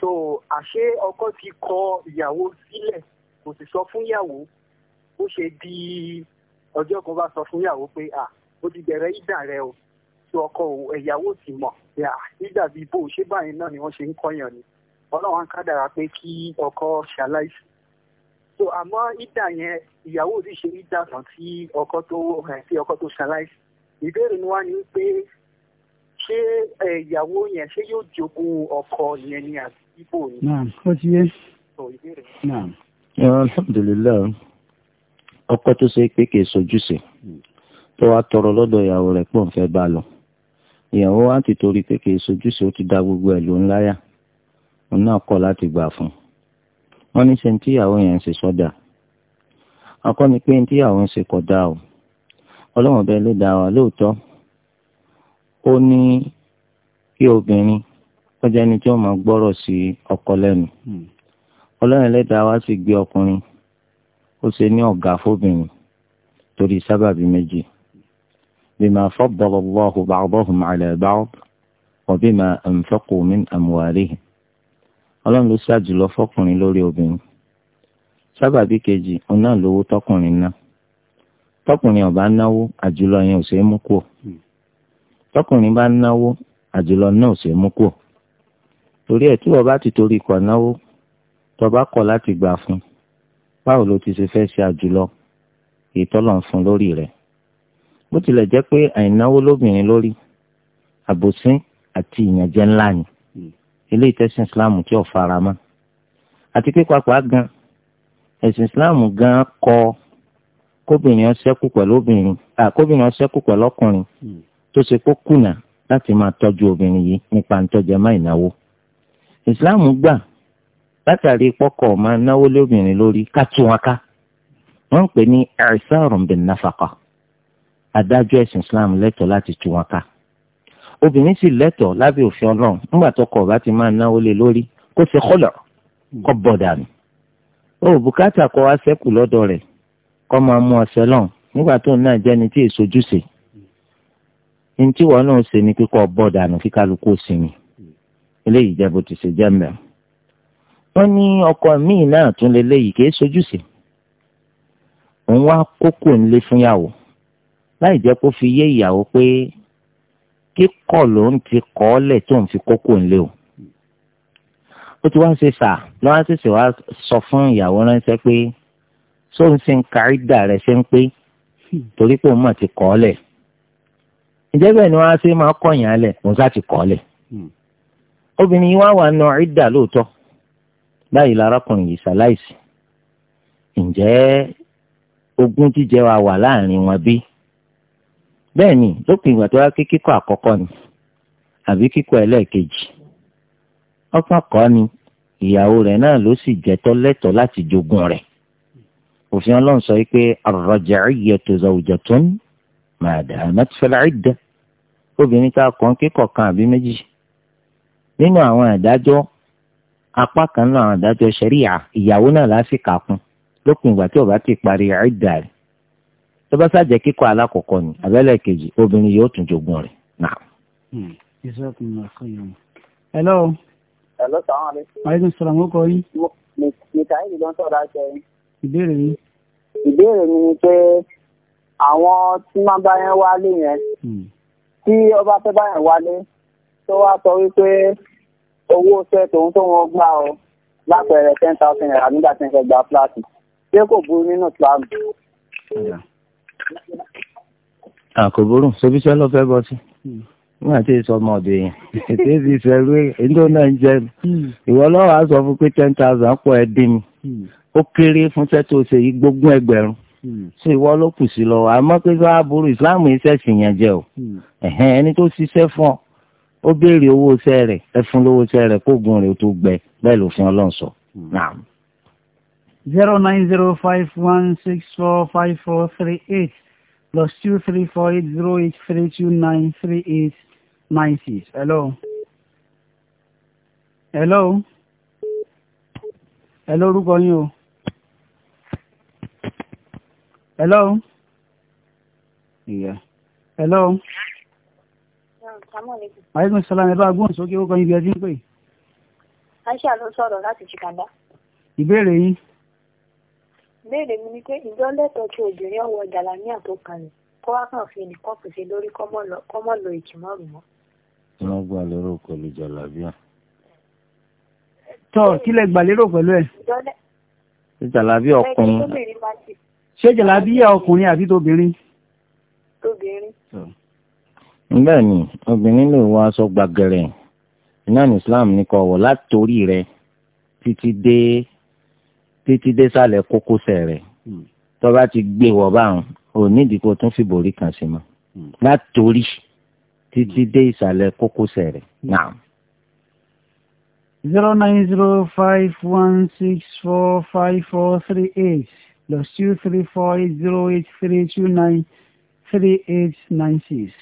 Speaker 5: so àṣé ọkọ ti kọ ìyàwó sílẹ̀ kò sì sọ fún ìyàwó ó ṣe di ọjọ́ kan bá sọ fún ìyàwó pé à ó ti bẹ̀rẹ̀ ìdà rẹ o tí ọkọ ìyàwó ti mọ̀ ìdà bíi bó ṣé báyìí náà ni wọ́n ṣe ń kọ́yàn ni ọlọ́run kádàrá pé kí ọkọ ṣaláìsí so àmọ́ ìdà yẹn ìyàwó ti ṣe ìdà kan tí ọkọ tó tí ọkọ tó ṣaláìsí ìbéèrè ni wá ní pé ṣé ìyàwó yẹn ṣé yóò jogún ọkọ yẹn ni àti ibo ni. naam
Speaker 1: ó ti yé.
Speaker 4: naam alhamdulilayi ọkọ tó ṣe pé kìí sojúṣe tó wàá tọrọ lọ́dọ̀ ìyàwó rẹ̀ pọ̀ ń fẹ́ bá lọ ìyàwó wa ti torí pé kìí sojúṣe ó ti da gbogbo ẹ̀ ló ń láyà òun náà kọ̀ láti gbà fún un wọ́n ní ṣe ní tíyàwó yẹn ń ṣe sọ́dà akọ́ni pé ní tíyàwó ń ṣe kódà o ọlọ́wọ́n bẹ́ẹ̀ ló dá wa lóòótọ́ ó ní kí obìnrin ó jẹ́ ẹni tí ó máa gbọ́rọ̀ sí ọkọ lẹ́nu hmm. ọlọ́run ẹlẹ́dàá wá sì gbé ọkùnrin ó ṣe ní ọ̀gá fóbìnrin torí sábàbí méjì bima faddala Allahu ba'dahum 'ala ba'd wa bima anfaqu min amwalihim ọlọ́run ló ṣàjùlọ fọkùnrin lórí obìnrin sábàbí kejì òun lówó tọkùnrin náà tọkùnrin ọ̀bá náwó àjùlọ yẹn ò ṣeé mú kúrò. Hmm tọkùnrin bá náwó àjùlọ náà ò ṣe mú kù torí ẹ̀ tí wọ́n bá ti torí kọ̀ náwó tó bá kọ̀ láti gbà fún báwo ló ti ṣe fẹ́ ṣe àjùlọ ìtọ́lọ̀ ń fún lórí rẹ̀ bó tilẹ̀ jẹ́ pé àìnáwó lóbìnrin lórí àbòsín àti ìyànjẹ ńlá ni ilé ìtẹ̀sìn islam tí ò fara mọ́ àti pé pàápàá gan ẹ̀sìn islam gan kọ̀ kóbìnrin ó ṣẹ́kù pẹ̀lú pẹ̀lú ọkùnrin tó ṣe kó kùnà láti máa tọ́jú obìnrin yìí nípa ntọ́jà má ìnáwó. ìsìláàmù gbà látàrí pọ́kọ̀ máa náwó lóbìnrin lórí kátó wọn ká wọ́n ń pè ní ẹ̀rísàrùn bin náfàkà adájọ́ ẹ̀sìn islam lẹ́tọ̀ọ́ láti tú wọn ká obìnrin sì lẹ́tọ̀ọ́ lábẹ́ òfin ọlọ́run nígbà tọ́kọ bá ti máa náwó lé lórí kó ṣe kọ́lọ̀ kọ́ bọ̀ dànù ó bùkátà kọ́ wá sẹ́kù lọ́dọ̀ rẹ̀ kọ́ máa mú ọ̀sẹ̀ lọ́n nígbà tó náà jẹ́ni tí èso jùṣe ntí wọn náà ṣe ni kíkọ bọ dànù kí kálukú sinmi eléyìí jẹ bó ti ṣe jẹ mẹ. wọn ní ọkọ míì náà tún lè léyìí kì í sojúṣe òun wá kókó ńlé fúnyàwó láì jẹ́ kó fi yé ìyàwó pé kíkọ̀ ló ń ti kọ́ ọ́ lẹ̀ tó ń fi kókó ńlé o ó ti wá ṣe sà lọ́wọ́ á ṣẹ̀ṣẹ̀ wá sọ fún ìyàwó ránṣẹ́ pé sóun ṣe ń kárí dà rẹ̀ ṣe ń pé hmm. torí pé òun mà ti kọ́ ọ́ lẹ̀. ǹjẹ́ bẹ́ẹ̀ ni wọ́n á ṣe máa kọ̀yìn alẹ̀ òun sá ti kọ́lẹ̀. Hmm. obìnrin yìí wá wà nù ìdà lóòótọ́ báyìí lárakùnrin yìí ṣaláìsí ǹjẹ́ ogún jíjẹ wa wà láàrin wọn bí? bẹ́ẹ̀ ni lópin ìgbà tó wá kí kíkọ́ àkọ́kọ́ ni àbí kíkọ́ ẹlẹ́ẹ̀kejì ọ̀pọ̀ kọ́ ni ìyàwó rẹ̀ náà ló sì jẹ́ tọ́lẹ́tọ̀ọ́ láti jogun rẹ̀ òfin ọlọ́run sọ wípé ar-raj'iyyatu máa dà mẹtìfẹlẹ ìdẹ obìnrin tá a kàn kíkọ kan àbí méjì nínú àwọn àdájọ́ apá kan náà àwọn àdájọ́ ṣẹríà ìyàwó náà lásìkò àkún lópin ìgbà tí ó bá ti parí ìdà rẹ̀ tó bá ṣàjẹ́ kíkọ alákọ̀ọ́kọ́ ni abẹ́lẹ̀ kejì obìnrin yóò tún jogún rẹ̀ náà.
Speaker 2: hello.
Speaker 5: hello salaam aleykum. aleykum
Speaker 2: salaam o kò yín.
Speaker 5: mi mi ta ìlú lọ́sọ̀rọ̀ àṣẹ yìí. ìbéèrè yìí. ìbéèrè mi ni pé àwọn tí máa bá yẹn wálé yẹn hmm. tí ọba fẹ́ bá yẹn wálé tó wá sọ wípé owó fẹ́ tòun tó wọn gbà ọ lápẹẹrẹ ten thousand naira nígbà tí n fẹ́ gba fúláàtì ṣé kò burú nínú islam.
Speaker 4: kò burú ṣebí iṣẹ́ ló fẹ́ bọ́ sí hmm. wọn àti ìsọmọ ọdẹ yẹn ètò ìfi ìfẹrú ìdó náà ń jẹ hmm. ìwọ lọ́wọ́ àá sọ fún pé ten thousand pọ̀ ẹ́ dín mi ó kéré fún sẹ́tò ṣèyí gbógún ẹgbẹ̀rún ṣé hmm. ìwọ ló kù sí lọ́wọ́ àmọ́ pé bá aburú ìsìláàmù iṣẹ́ sì yàn jẹ́ o hmm. ẹni tó ṣiṣẹ́ fún ọ ó béèrè owó iṣẹ́ rẹ̀ ẹ fún lówó iṣẹ́ rẹ̀ kó gun rẹ̀ tó gbẹ bẹ́ẹ̀ lòfin ọlọ́run sọ. Hmm.
Speaker 2: zero nine zero five one six four five four three eight plus two three four eight zero eight three two nine three eight nine six. hello. hello. hello orúkọ yín o hello ìyá hello. aleykum salaam ẹ bá gbóhùn sókè ó kọ́ yín bí ẹ ti ń pè.
Speaker 3: aisha ló sọ̀rọ̀ láti chikanda. ìbéèrè yín. ìbéèrè mi ni pé ìjọ lẹ́tọ̀ọ́ tí obìnrin ọwọ́ jàlámíà tó kalẹ̀ kó wá kàn fi nìkan kù sí lórí kọ́mọ́ lo ìkìmọ́ rù mọ́.
Speaker 4: tí wọ́n gbà lérò pẹ̀lú jàlámíà. tọ́ kí lẹ gbà lérò pẹ̀lú ẹ̀. jàlámíà ọkùnrin ṣé jàlábíyà ọkùnrin àbí tóbìnrin. tóbìnrin. bẹ́ẹ̀ ni obìnrin lè wọ aṣọ gbàgẹ̀rẹ̀ iná ní Islam ní kó wọ̀ látòrí rẹ̀ títí dé títí dé sàlẹ̀ kókósẹ̀ rẹ̀ hmm. tó bá ti gbé wọ̀ báwọn ò nídìí kó tún fi borí kan sí mọ́ hmm. látòrí títí hmm. dé ìsàlẹ̀ kókósẹ̀ rẹ̀ náà.
Speaker 2: zero nine zero five one six four five four three eight plus two three four eight zero eight three two nine three eight nine six.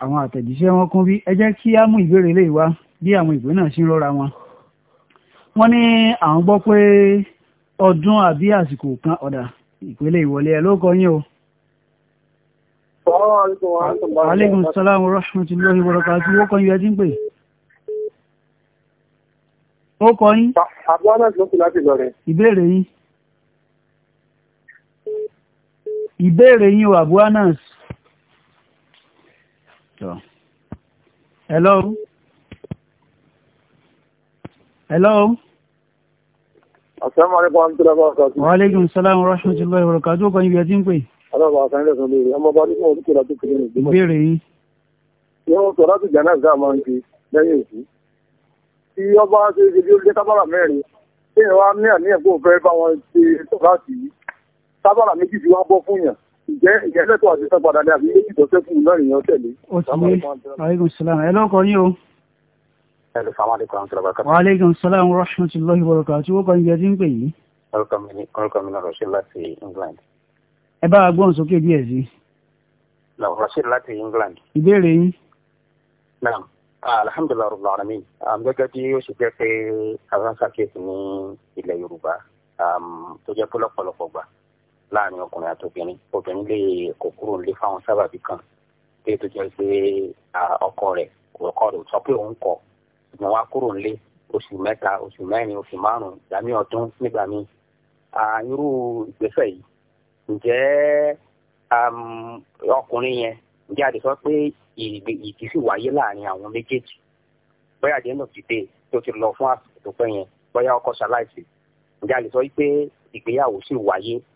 Speaker 2: àwọn àtẹ̀jíṣẹ́ wọn kún bí ẹ jẹ́ kí á mú ìbéèrè lè wá bí àwọn ìwé náà ṣe ń rọra wọn. wọ́n ní àwọn gbọ́ pé ọdún àbí àsìkò kan ọ̀dà ìpele ìwọlé ẹ̀ ló kọ o. aleykum salaam wa rahmatulahi wa barakatuh wọ́n kọ́ ẹ ti ń pè. ó kọ
Speaker 5: àbúrò náà ló kù láti lọ rẹ̀.
Speaker 2: ìbéèrè yín. ìbéèrè yín wà bú anas hello hello
Speaker 5: assalamu alaikum wa rahmatullahi wa barakatuh wa
Speaker 2: alaikum salam wa rahmatullahi wa barakatuh kan ibi ẹtí ń pè
Speaker 5: ọlọ́pàá àkànlẹ̀ sọ lórí ọmọ ọba ní fún olùkọ́ láti kiri ní ìgbìmọ̀ ìbéèrè yín yóò sọ láti jẹ́ náà sáà máa ń fi lẹ́yìn òsì tí ọba ṣe ṣe bí ó jẹ́ tábàrà mẹ́rin tí ìwà ní àníyàn kó fẹ́ bá wọn ṣe tó láti yìí sábàrà méjì tí wọ́n bọ́ fún yàn ǹjẹ́ ìyẹ́sẹ̀tọ̀ àti sábàrà ni àbí méjì tó sẹ́kù náà nìyẹn tẹ̀lé.
Speaker 2: ó ti yé aleykum salaam ẹ lọ́kọ̀ yín o. wa aleykum salaam wa rahmatulahi wa barakatuh tí wọ́n kàn yẹ ti ń pè yìí.
Speaker 6: orúkọ mi ni Rashid láti England.
Speaker 2: ẹ bá a gbọ́n sókè díẹ̀ sí.
Speaker 6: Rashid láti England. ìbéèrè yín. naam ah, alhamdulilayi rabbil alamin gẹ́gẹ́ bí ó ṣe jẹ́ pé àwọn sàkíyèsí ní ilẹ̀ Yorùbá tó jẹ́ pé lọ́pọ̀lọpọ̀ gbà láàrin ọkùnrin àti obìnrin obìnrin lè kó kúrò nílé fáwọn sábàbí kan pé tó jẹ́ pé ọkọ rẹ̀ ọkọ rẹ̀ sọ pé òun kọ̀ ṣùgbọ́n wá kúrò nílé oṣù mẹ́ta oṣù mẹ́rin oṣù márùn-ún ìdámí ọdún nígbà míì irú ìgbésẹ̀ yìí ǹjẹ́ ọkùnrin yẹn ǹjẹ́ a lè sọ pé ìdí sì wáyé láàrin àwọn méjèèjì bóyá àdéhùn náà ti dé tó ti lọ fún àsìkò tó pẹ́ yẹn bóyá ọkọ ṣaláìsí ǹjẹ́ a lè sọ pé ìgbéyàwó sì wáyé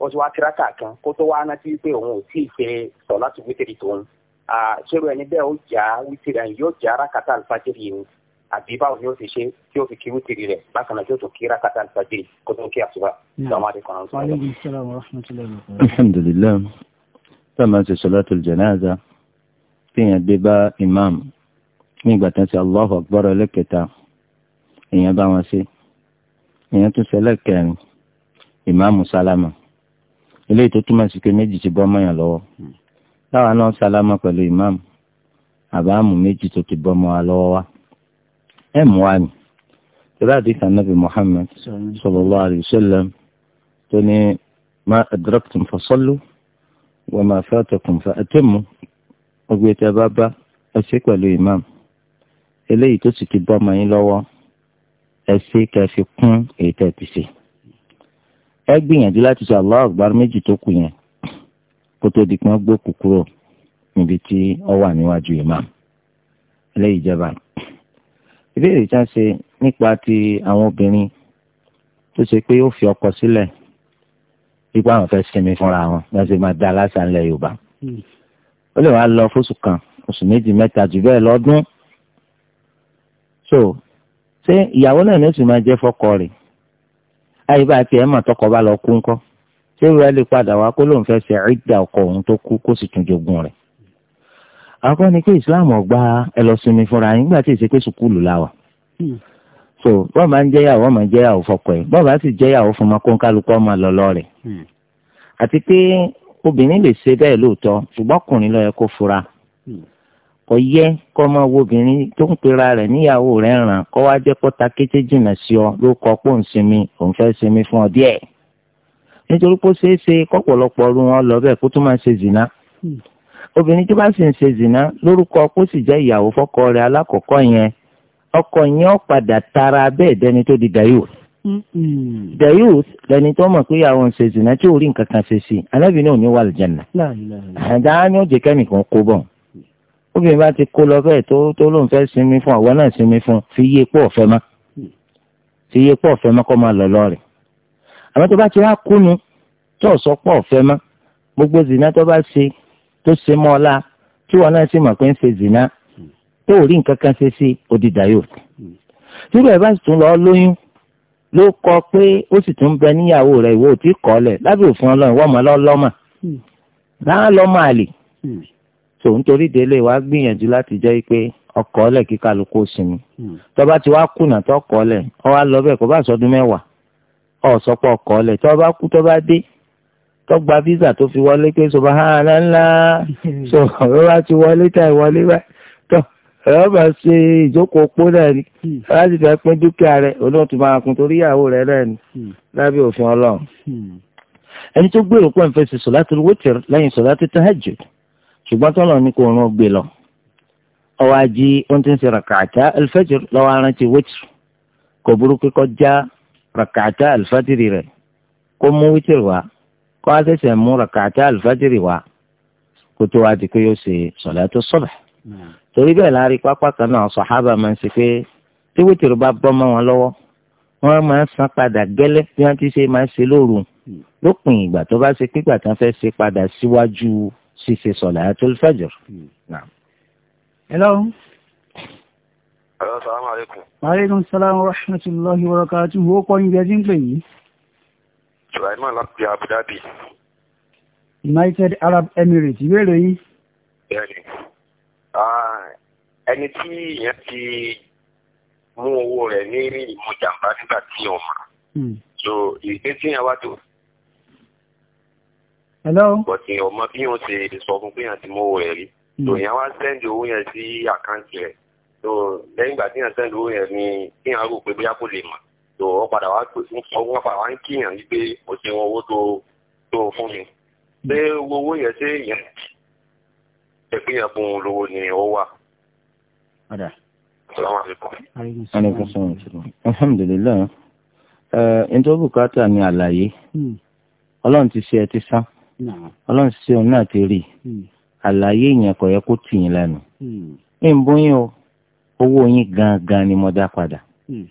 Speaker 6: ó ti wá tiraka kan kó tó wá rántí pé òun ò tí fẹ́ sọ láti wítìrì tòun ṣérò ẹni bẹ́ẹ̀ ó jà wítìrì ẹni yóò jà rákàtà alifájìrì yìí àbí báwo ni ó ti ṣe tí ó fi kí wítìrì rẹ̀ bákan náà tí ó tún kí rákàtà alifájìrì kó tó kí àsùbá.
Speaker 4: alhamdulilayi sábà ṣe sọlátù jẹnáza téèyàn dé bá imam nígbà tán ṣe allahu akbar ẹlẹ́kẹta èèyàn bá wọn ṣe èèyàn tún ṣe ẹlẹ́kẹrin ìmáàmù sálámà eléyìí tó túmọ̀ sí pé méjì ti bọ́ mọ́yàn lọ́wọ́ hmm. táwa náà sálámà pẹ̀lú ìmáàmù àbáàmù méjì tó ti bọ́ mọ́ wa lọ́wọ́ wa ẹ̀ mú wa ni torí àdìsí anábì Muhammad sallallahu alayhi wa sallam tó ní ma adraktum fasallu wa ma fatakum fa atimmu ọgbẹ́ tí bá bá ẹ pẹ̀lú ìmáàmù eléyìí tó sì ti bọ́ mọ́ yín lọ́wọ́ ẹ ṣe kún èyí tẹ́ ti ṣe ẹ gbìyànjú láti sọ Allahu Akbar méjì tó kù yẹn kó tó di pé wọ́n gbókù kúrò níbi tí ó wà níwájú imam eléyìí jẹba ìbéèrè tí wọ́n ṣe nípa ti àwọn obìnrin tó ṣe pé ó fi ọkọ sílẹ̀ ipá àwọn fẹ́ẹ́ sinmi fúnra wọn bí wọ́n ṣe máa dá aláṣà ńlẹ̀ Yorùbá ó lè wá lọ fóṣù kan oṣù méjì mẹ́ta jù bẹ́ẹ̀ lọ́dún so ṣé ìyàwó náà ní oṣù máa jẹ́ fọ́kọ rẹ̀ àyè bá tiẹ̀ mọ̀ tọkọ bá lọ kú ńkọ́ ṣé ìwé lè padà wá kó lóun fẹ́ ṣe ìdá ọkọ òun tó kú kó sì tún jogún rẹ̀. àkọ́ ni pé ìsìláàmù ọgbà ẹ fúnra yín gbà tí ì ṣe pé sùkúlù láwà. Hmm. so bọ́ọ̀ máa ń jẹ́yàwó ọmọ jẹ́yàwó fọkọ ẹ̀ bọ́ọ̀ bá sì jẹ́yàwó fún ọmọ kónkálukọ́ ọmọ lọ́lọ́ rẹ̀. Hmm. àti pé obìnrin lè ṣe bẹ́ẹ̀ lóòótọ́ ṣùgbọ́n ọkùnrin ló yẹ kó fura hmm kò yẹ kó máa wo obìnrin tó ń pera rẹ̀ níyàwó rẹ̀ ràn kó wá jẹ́ pọ́ta kété jìnnà sí ọ ló kọ pé òun sinmi òun fẹ́ sinmi fún ọ díẹ̀ nítorí pé ó ṣeé ṣe kọ́pọ̀lọpọ̀ ọdún wọn lọ bẹ́ẹ̀ kó tó máa ṣe zìnà hmm. obìnrin tó bá sì ń ṣe zìnà lórúkọ kó sì jẹ́ ìyàwó fọ́kọ rẹ̀ alákọ̀ọ́kọ́ yẹn ọkọ yẹn ó padà tara bẹ́ẹ̀ dẹni tó di dayò
Speaker 1: hmm.
Speaker 4: the lẹni tó mọ̀ pé àwọn ṣe zìnà tí ò rí nǹkan kan ṣe sí alábìínú ò ní wà lìjẹ̀nà àdáyé ni ó jẹ́ kẹ́nìkan kó bọ̀ obìnrin bá ti kó lọ bẹ́ẹ̀ tó tó lóun fẹ́ sinmi fún àwọn náà sinmi fún fi yé pọ̀ ọ̀fẹ́ má fi yé pọ̀ ọ̀fẹ́ má kọ́ máa lọ lọ́ọ̀rẹ̀ àmọ́ tó bá ti wá kúnu tó sọ pọ̀ ọ̀fẹ́ má gbogbo zina tó bá ṣe tó ṣe mọ́ ọ́lá tí wọn náà sì mọ̀ pé ń ṣe zina tó rí nǹkan kan ṣe sí odidà yóò tí bẹ́ẹ̀ bá sì tún lọ lóyún ló kọ pé ó sì tún bẹ níyàwó rẹ̀ ìwọ ò kọ́ lẹ̀ lábẹ́ òfin so nítorí délé wa gbìyànjú láti jẹ́ pé ọkọ̀ ọ̀lẹ̀ kí kálukú sinmi hmm. tọ́ba ti wá kùnà tó ọkọ̀ ọ̀lẹ̀ ọ wá lọ bẹ́ẹ̀ kó bá sọdún mẹ́wàá ọ ọkọ̀ ọ̀lẹ̀ tọ́ba kú tọ́ba dé tọ́gba visa tó fi wọlé pé sọba ha ńláńlá so ọ̀rọ̀ wa ti wọlé tá ìwọlé wa tọ́ ẹ̀rọ bá ṣe ìjókòó pó náà ni láti hmm. fẹ́ pín dúkìá rẹ̀ olóòtú máa kun torí ìyàwó rẹ̀ náà ni hmm. lábẹ́ òfin ọlọ́run ẹni tó gbèrò pọ̀ ń fẹ́ ṣe sọ̀látùl wítìr lẹ́yìn sọ̀látùl tahajjud ṣùgbọ́n tọ́lọ̀ ní kò rún gbé lọ ọwọ́ ají ohun tí ń ṣe ràkàtà alfajr lọ́wọ́ arántí wítìrì kò burú kíkọ́ já ràkàtà alfajr rẹ̀ kó mú wítìrì wá kó a ṣẹ̀ṣẹ̀ mú ràkàtà alfajr wá kó tó wá di pé yóò ṣe salatu subh torí bẹ́ẹ̀ láàrin pápá kan náà sàhábà máa ń ṣe pé tí wítìrì bá bọ́ mọ́ wọn lọ́wọ́ wọ́n máa ń san padà gẹ́lẹ́ bí wọ́n ti ṣe máa ń ṣe lóru hmm. lópin ìgbà tó bá ṣe pígbà fẹ́ ṣe padà síwájú ṣíṣe sọ̀látul fajr.
Speaker 2: hello.
Speaker 6: hello salamu aleykum.
Speaker 2: maaleykum salaam wa rahmatulahi wa barakatuh wo kọ́ yín bí ẹ ti ń pè yìí.
Speaker 6: sulaiman láti abu dhabi.
Speaker 2: united arab emirates ìbéèrè yín.
Speaker 6: bẹ́ẹ̀ni ẹni tí ìyẹn ti mú owó rẹ̀ ní ìmọ̀ nígbà tí ọmọ. Hmm. so ìgbésí yẹn wá tó but èèyàn mọ bí yóò ṣe sọ fún pé yàn ti mọ owó ẹ̀ rí tó hmm. èèyàn wá sẹ́ndì owó yẹn sí àkáǹtì rẹ̀ tó lẹ́yìn ìgbà tí yàn sẹ́ndì owó yẹn ni kí yàn rò pé bóyá kò lè mọ̀ tó ọ padà wá pè fún ọwọ́ padà wá ń kí yàn wípé o ṣe owó tó tó fún mi pé hmm. owó yẹn ṣe yàn ṣe pé yàn fún un lówó ni ó wà.
Speaker 4: alhamdulilayi ẹ ǹ bùkátà ni àlàyé hmm. ọlọ́run ti ṣe ẹ ti sán ọlọ́run ṣe òun náà ti rí hmm. àlàyé yẹn kò yẹ kó tì yín lẹ́nu ní n bóyá o owó yín gangan ni mo dá padà hmm.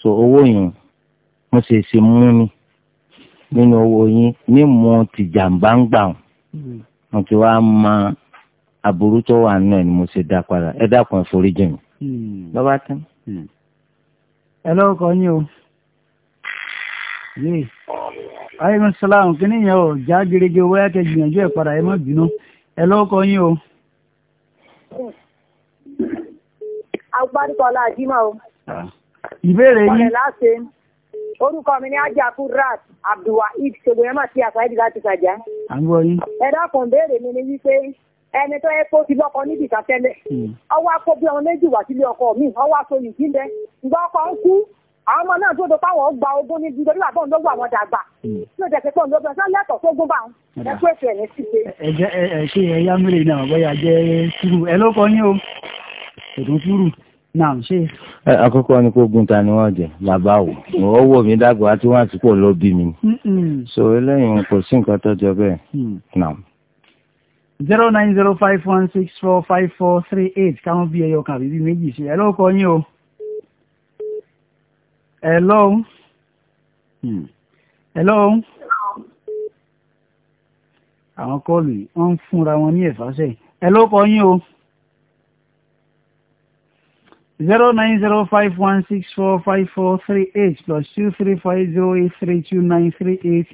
Speaker 4: so owó yín mo ṣe ṣe mú ni nínú owó yín ní mo ti jàǹbá ń gbà wọn hmm. mo ti wá máa aburú tó wà náà ni mo ṣe dá padà ẹ dákun ẹ forí jìn mí lọ́ba tán. ẹ lọ́kọ̀ yín o
Speaker 2: yìí aleykum salaam kíní yẹn o já gerege owó yá kẹ gbìyànjú ẹ padà ẹ má bínú ẹ lọ́kọ yín o.
Speaker 3: agbáríkọlá àjímọ̀ o.
Speaker 2: ìbéèrè yín. ọ̀rẹ́
Speaker 3: láti orúkọ mi ní ajá kudrat abdulwaheed ṣògbọ́n yẹn mà sí àṣàyẹ́dì láti ṣàjà. à ń gbọ́ yín. ẹ dákun béèrè mi ni wípé ẹni tó yẹ kó ti lọkọ níbi ìtàtẹ́lẹ̀ ọwọ́ akó hmm. bí ọmọ méjì wá sílé ọkọ mi ọwọ́ akó yìí ìgbà ọkọ ń kú àwọn ọmọ náà tó tó páwọn gba ogún níbi nítorí bàbá òun ló gbà wọn dàgbà hmm. tí ó jẹ́sẹ̀ pé òun ló gbà sọ lẹ́tọ̀ọ́ tó gún bá wọn ẹkú ètò ẹ̀yìn sí pé.
Speaker 2: ẹ jẹ ẹ ṣe ẹyá mílẹ̀ náà bóyá jẹ́ túrú ẹ ló kọ́ yín o ètò túrú
Speaker 4: náà ṣe. àkọ́kọ́ ni kó gun ta ni wọ́n jẹ bàbá o ó wò mí dàgbà tí wọ́n àtúkò ló bí mi so eléyìí kò sí nǹkan tó jọ bẹ́ẹ̀ hmm.
Speaker 2: zero nine zero five one six four five four three eight káwọn bí ẹyọ kan àbí bí méjì ṣe ẹ ló kọ́ yín o. Hello. Hmm. Hello. Àwọn kọ́ọ̀lù wọ́n ń fúnra wọn ní ẹ̀fàṣẹ́. Hello kọ yín o. zero nine zero five one six four five four three eight plus two three five zero eight three two nine three eight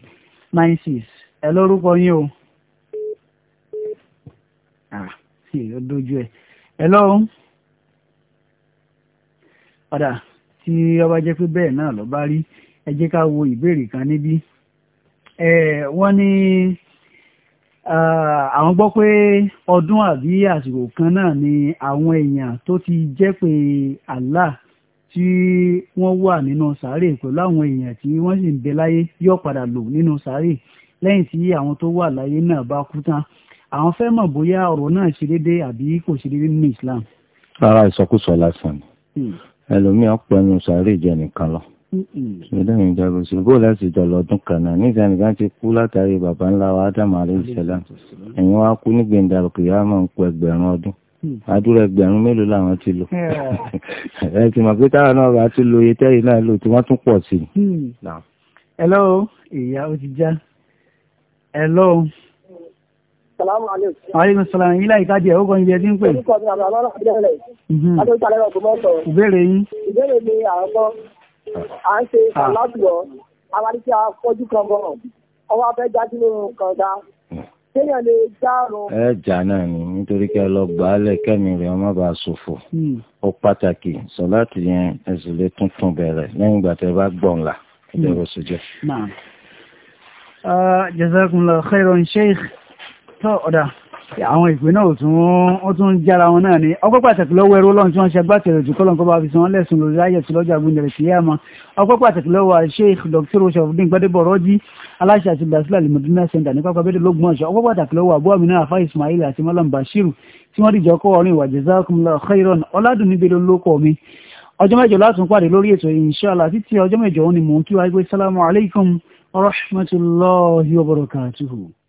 Speaker 2: nine six. Hello orúkọ yín o. Ah, ṣe é dojú ẹ. Hello. Padà tí ọba jẹ́ pé bẹ́ẹ̀ náà ló bá rí ẹ jẹ́ ká wo ìbéèrè kan níbí wọ́n ní àwọn gbọ́ pé ọdún àbí àsìkò kan náà ni àwọn èèyàn tó ti jẹ́ pé Allah tí wọ́n wà nínú sàárè pẹ̀lú àwọn èèyàn tí wọ́n sì ń bẹ láyé yóò padà lò nínú sàárè lẹ́yìn tí àwọn tó wà láyé náà bá kú tán àwọn fẹ́ mọ̀ bóyá ọ̀rọ̀ náà ṣe déédéé àbí kò ṣe déédéé nínú Islam.
Speaker 4: rárá ìsọkúsọ lásán ẹlòmíì ọ̀pọ̀ ẹnu sàárè jẹ nìkan lọ. ṣùgbọ́n mi jẹ́ bó ṣe bó láti dọ̀lọ́ ọdún kan náà nígbà nìkan ti kú látàrí bàbá ńlá wa ádámù àlẹ́sẹ̀lá ẹ̀yìn wa kú ní gbẹ̀ndàlùkì yá máa ń pọ ẹgbẹ̀rún ọdún mm. àdúrà ẹgbẹ̀rún mélòó làwọn ti lò ẹ ti mọ̀ pé táwọn náà bá ti lo iye tẹ́yìn náà lò tí wọ́n tún pọ̀ sí i. Mm.
Speaker 2: hello ìyá ó ti já hello.
Speaker 3: Salamu alaikum. Aleykum
Speaker 2: salaam. Ilé ìtajà ẹ̀ ó kọ́ ibi ẹ ti ń pè. Orúkọ
Speaker 3: mi àbúrò àbúrò àbúrò Adéwìtà lẹ́yìn ọ̀gbọ́n sọ. Ìbéèrè yín. Ìbéèrè mi àkọ́kọ́. À ń ṣe ìsàlátùwọ̀. Ah. Awáríkí afọ́jú kan bọ̀. Ọwọ́ afẹ́ já sínú kànga. Kéèyàn lè já run.
Speaker 4: Ẹ jà náà ni nítorí kí ẹ lọ gbà á lẹ̀ kẹ́mi rẹ̀ ọmọ bá ṣòfò. Hmm. Ó pàtàkì sọ̀láàtì yẹn ẹ̀sùn tuntun bẹ̀rẹ̀ lẹ́yìn ìgbà tẹ́ bá gbọ̀nla. Ẹ jẹ́ hmm. bó ṣe jẹ́.
Speaker 2: Ah, sheikh tó ọ̀dà àwọn ìpè náà tún ó tún jára wọn náà ni ọpẹ́ pàtàkì lọ́wọ́ ẹrú ọlọ́run tí wọ́n ṣe agbátẹ̀rẹ̀ jù kọ́lọ́n kọ́ bá fi san wọ́n lẹ́sùn lórí ayẹ̀tì lọ́jọ́ àgbẹ̀ndẹ̀rẹ̀ sí yá ma ọpẹ́ pàtàkì lọ́wọ́ Sheikh Dr. Shafudin Gbadebo Rọ́jí aláṣẹ àti gbàsílẹ̀ alimọ̀dúnà center ní pápá bẹ́ẹ̀ lógún ọ̀ṣọ́ ọpẹ́ pàtàkì lọ́wọ́ abu amina afa Ismail àti malam Bashiru tí wọ́n dìjọ́ kọ́ ọ̀rìn ìwà jazakumullahu khairan ọ̀làdùnní bẹ́ẹ̀ lóko mi ọjọ́ mẹ́jọ látún pàdé lórí ètò inshallah títí ọjọ́ mẹ́jọ òun ni mò ń kí wa gbé sálámù alaykum wa rahmatullahi wa barakatuhu.